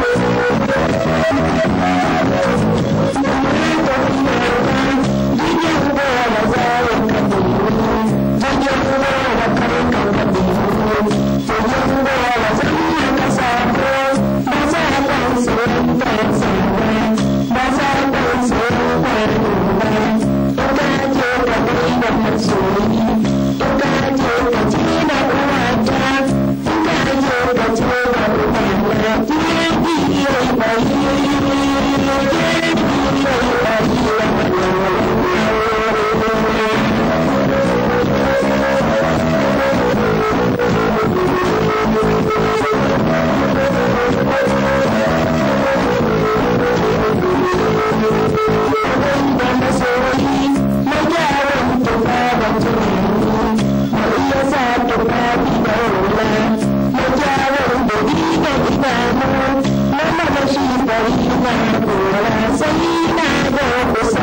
Thank you. damu na mamashi bari na gora na ga kusa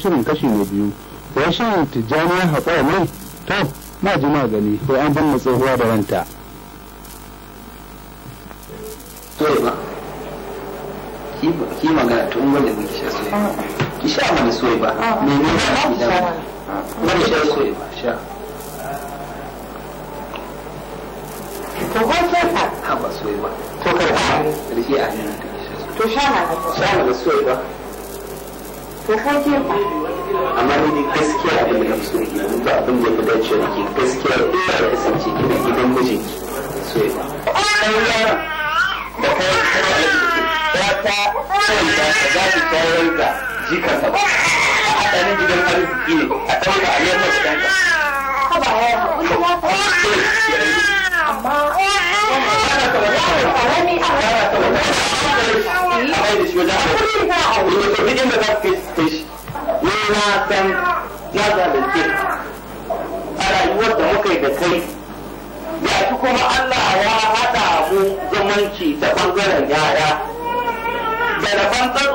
shirin kashi na biyu ya shan tijjani ya haƙura mai to na ji magani ko an ban tsohuwa da ranta. ki magana tun wanda muke sha soyayya ah. ki sha mana soyayya ba ah. me ne ba ki dan ba sha soyayya ba sha ba. ko sai ka ha ba soyayya ba to kar ka rike a nan to sha na sha na ba to kai ke ba da abin da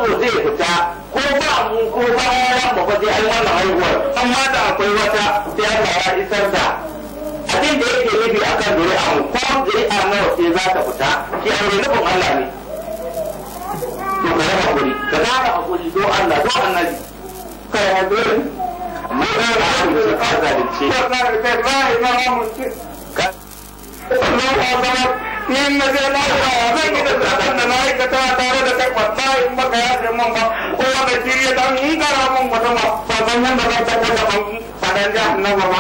ku zai fita ko ba mu ko ba ya mu ba sai an wannan haihuwar amma da akwai wata sai Allah ya isar da abin da yake nufi akan zuri'a mu ko zuri'a nawa sai za ta fita shi an yi nufin Allah ne to ka yi hakuri ka ka hakuri do Allah do annabi ka yi hakuri amma ka yi hakuri ka zalunce ka raba hakuri ka raba hakuri ka raba hakuri ni na je lahira zan yi da zaben da na aikata tare da kai wallahi in baka yafe mun ba ko wanda kiriya dan in kara mun wata ma ba zan yanda zan tafi da ban fadan jahannama ba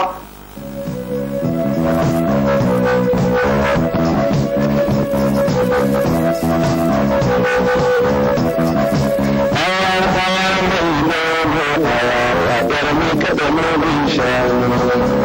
Thank you.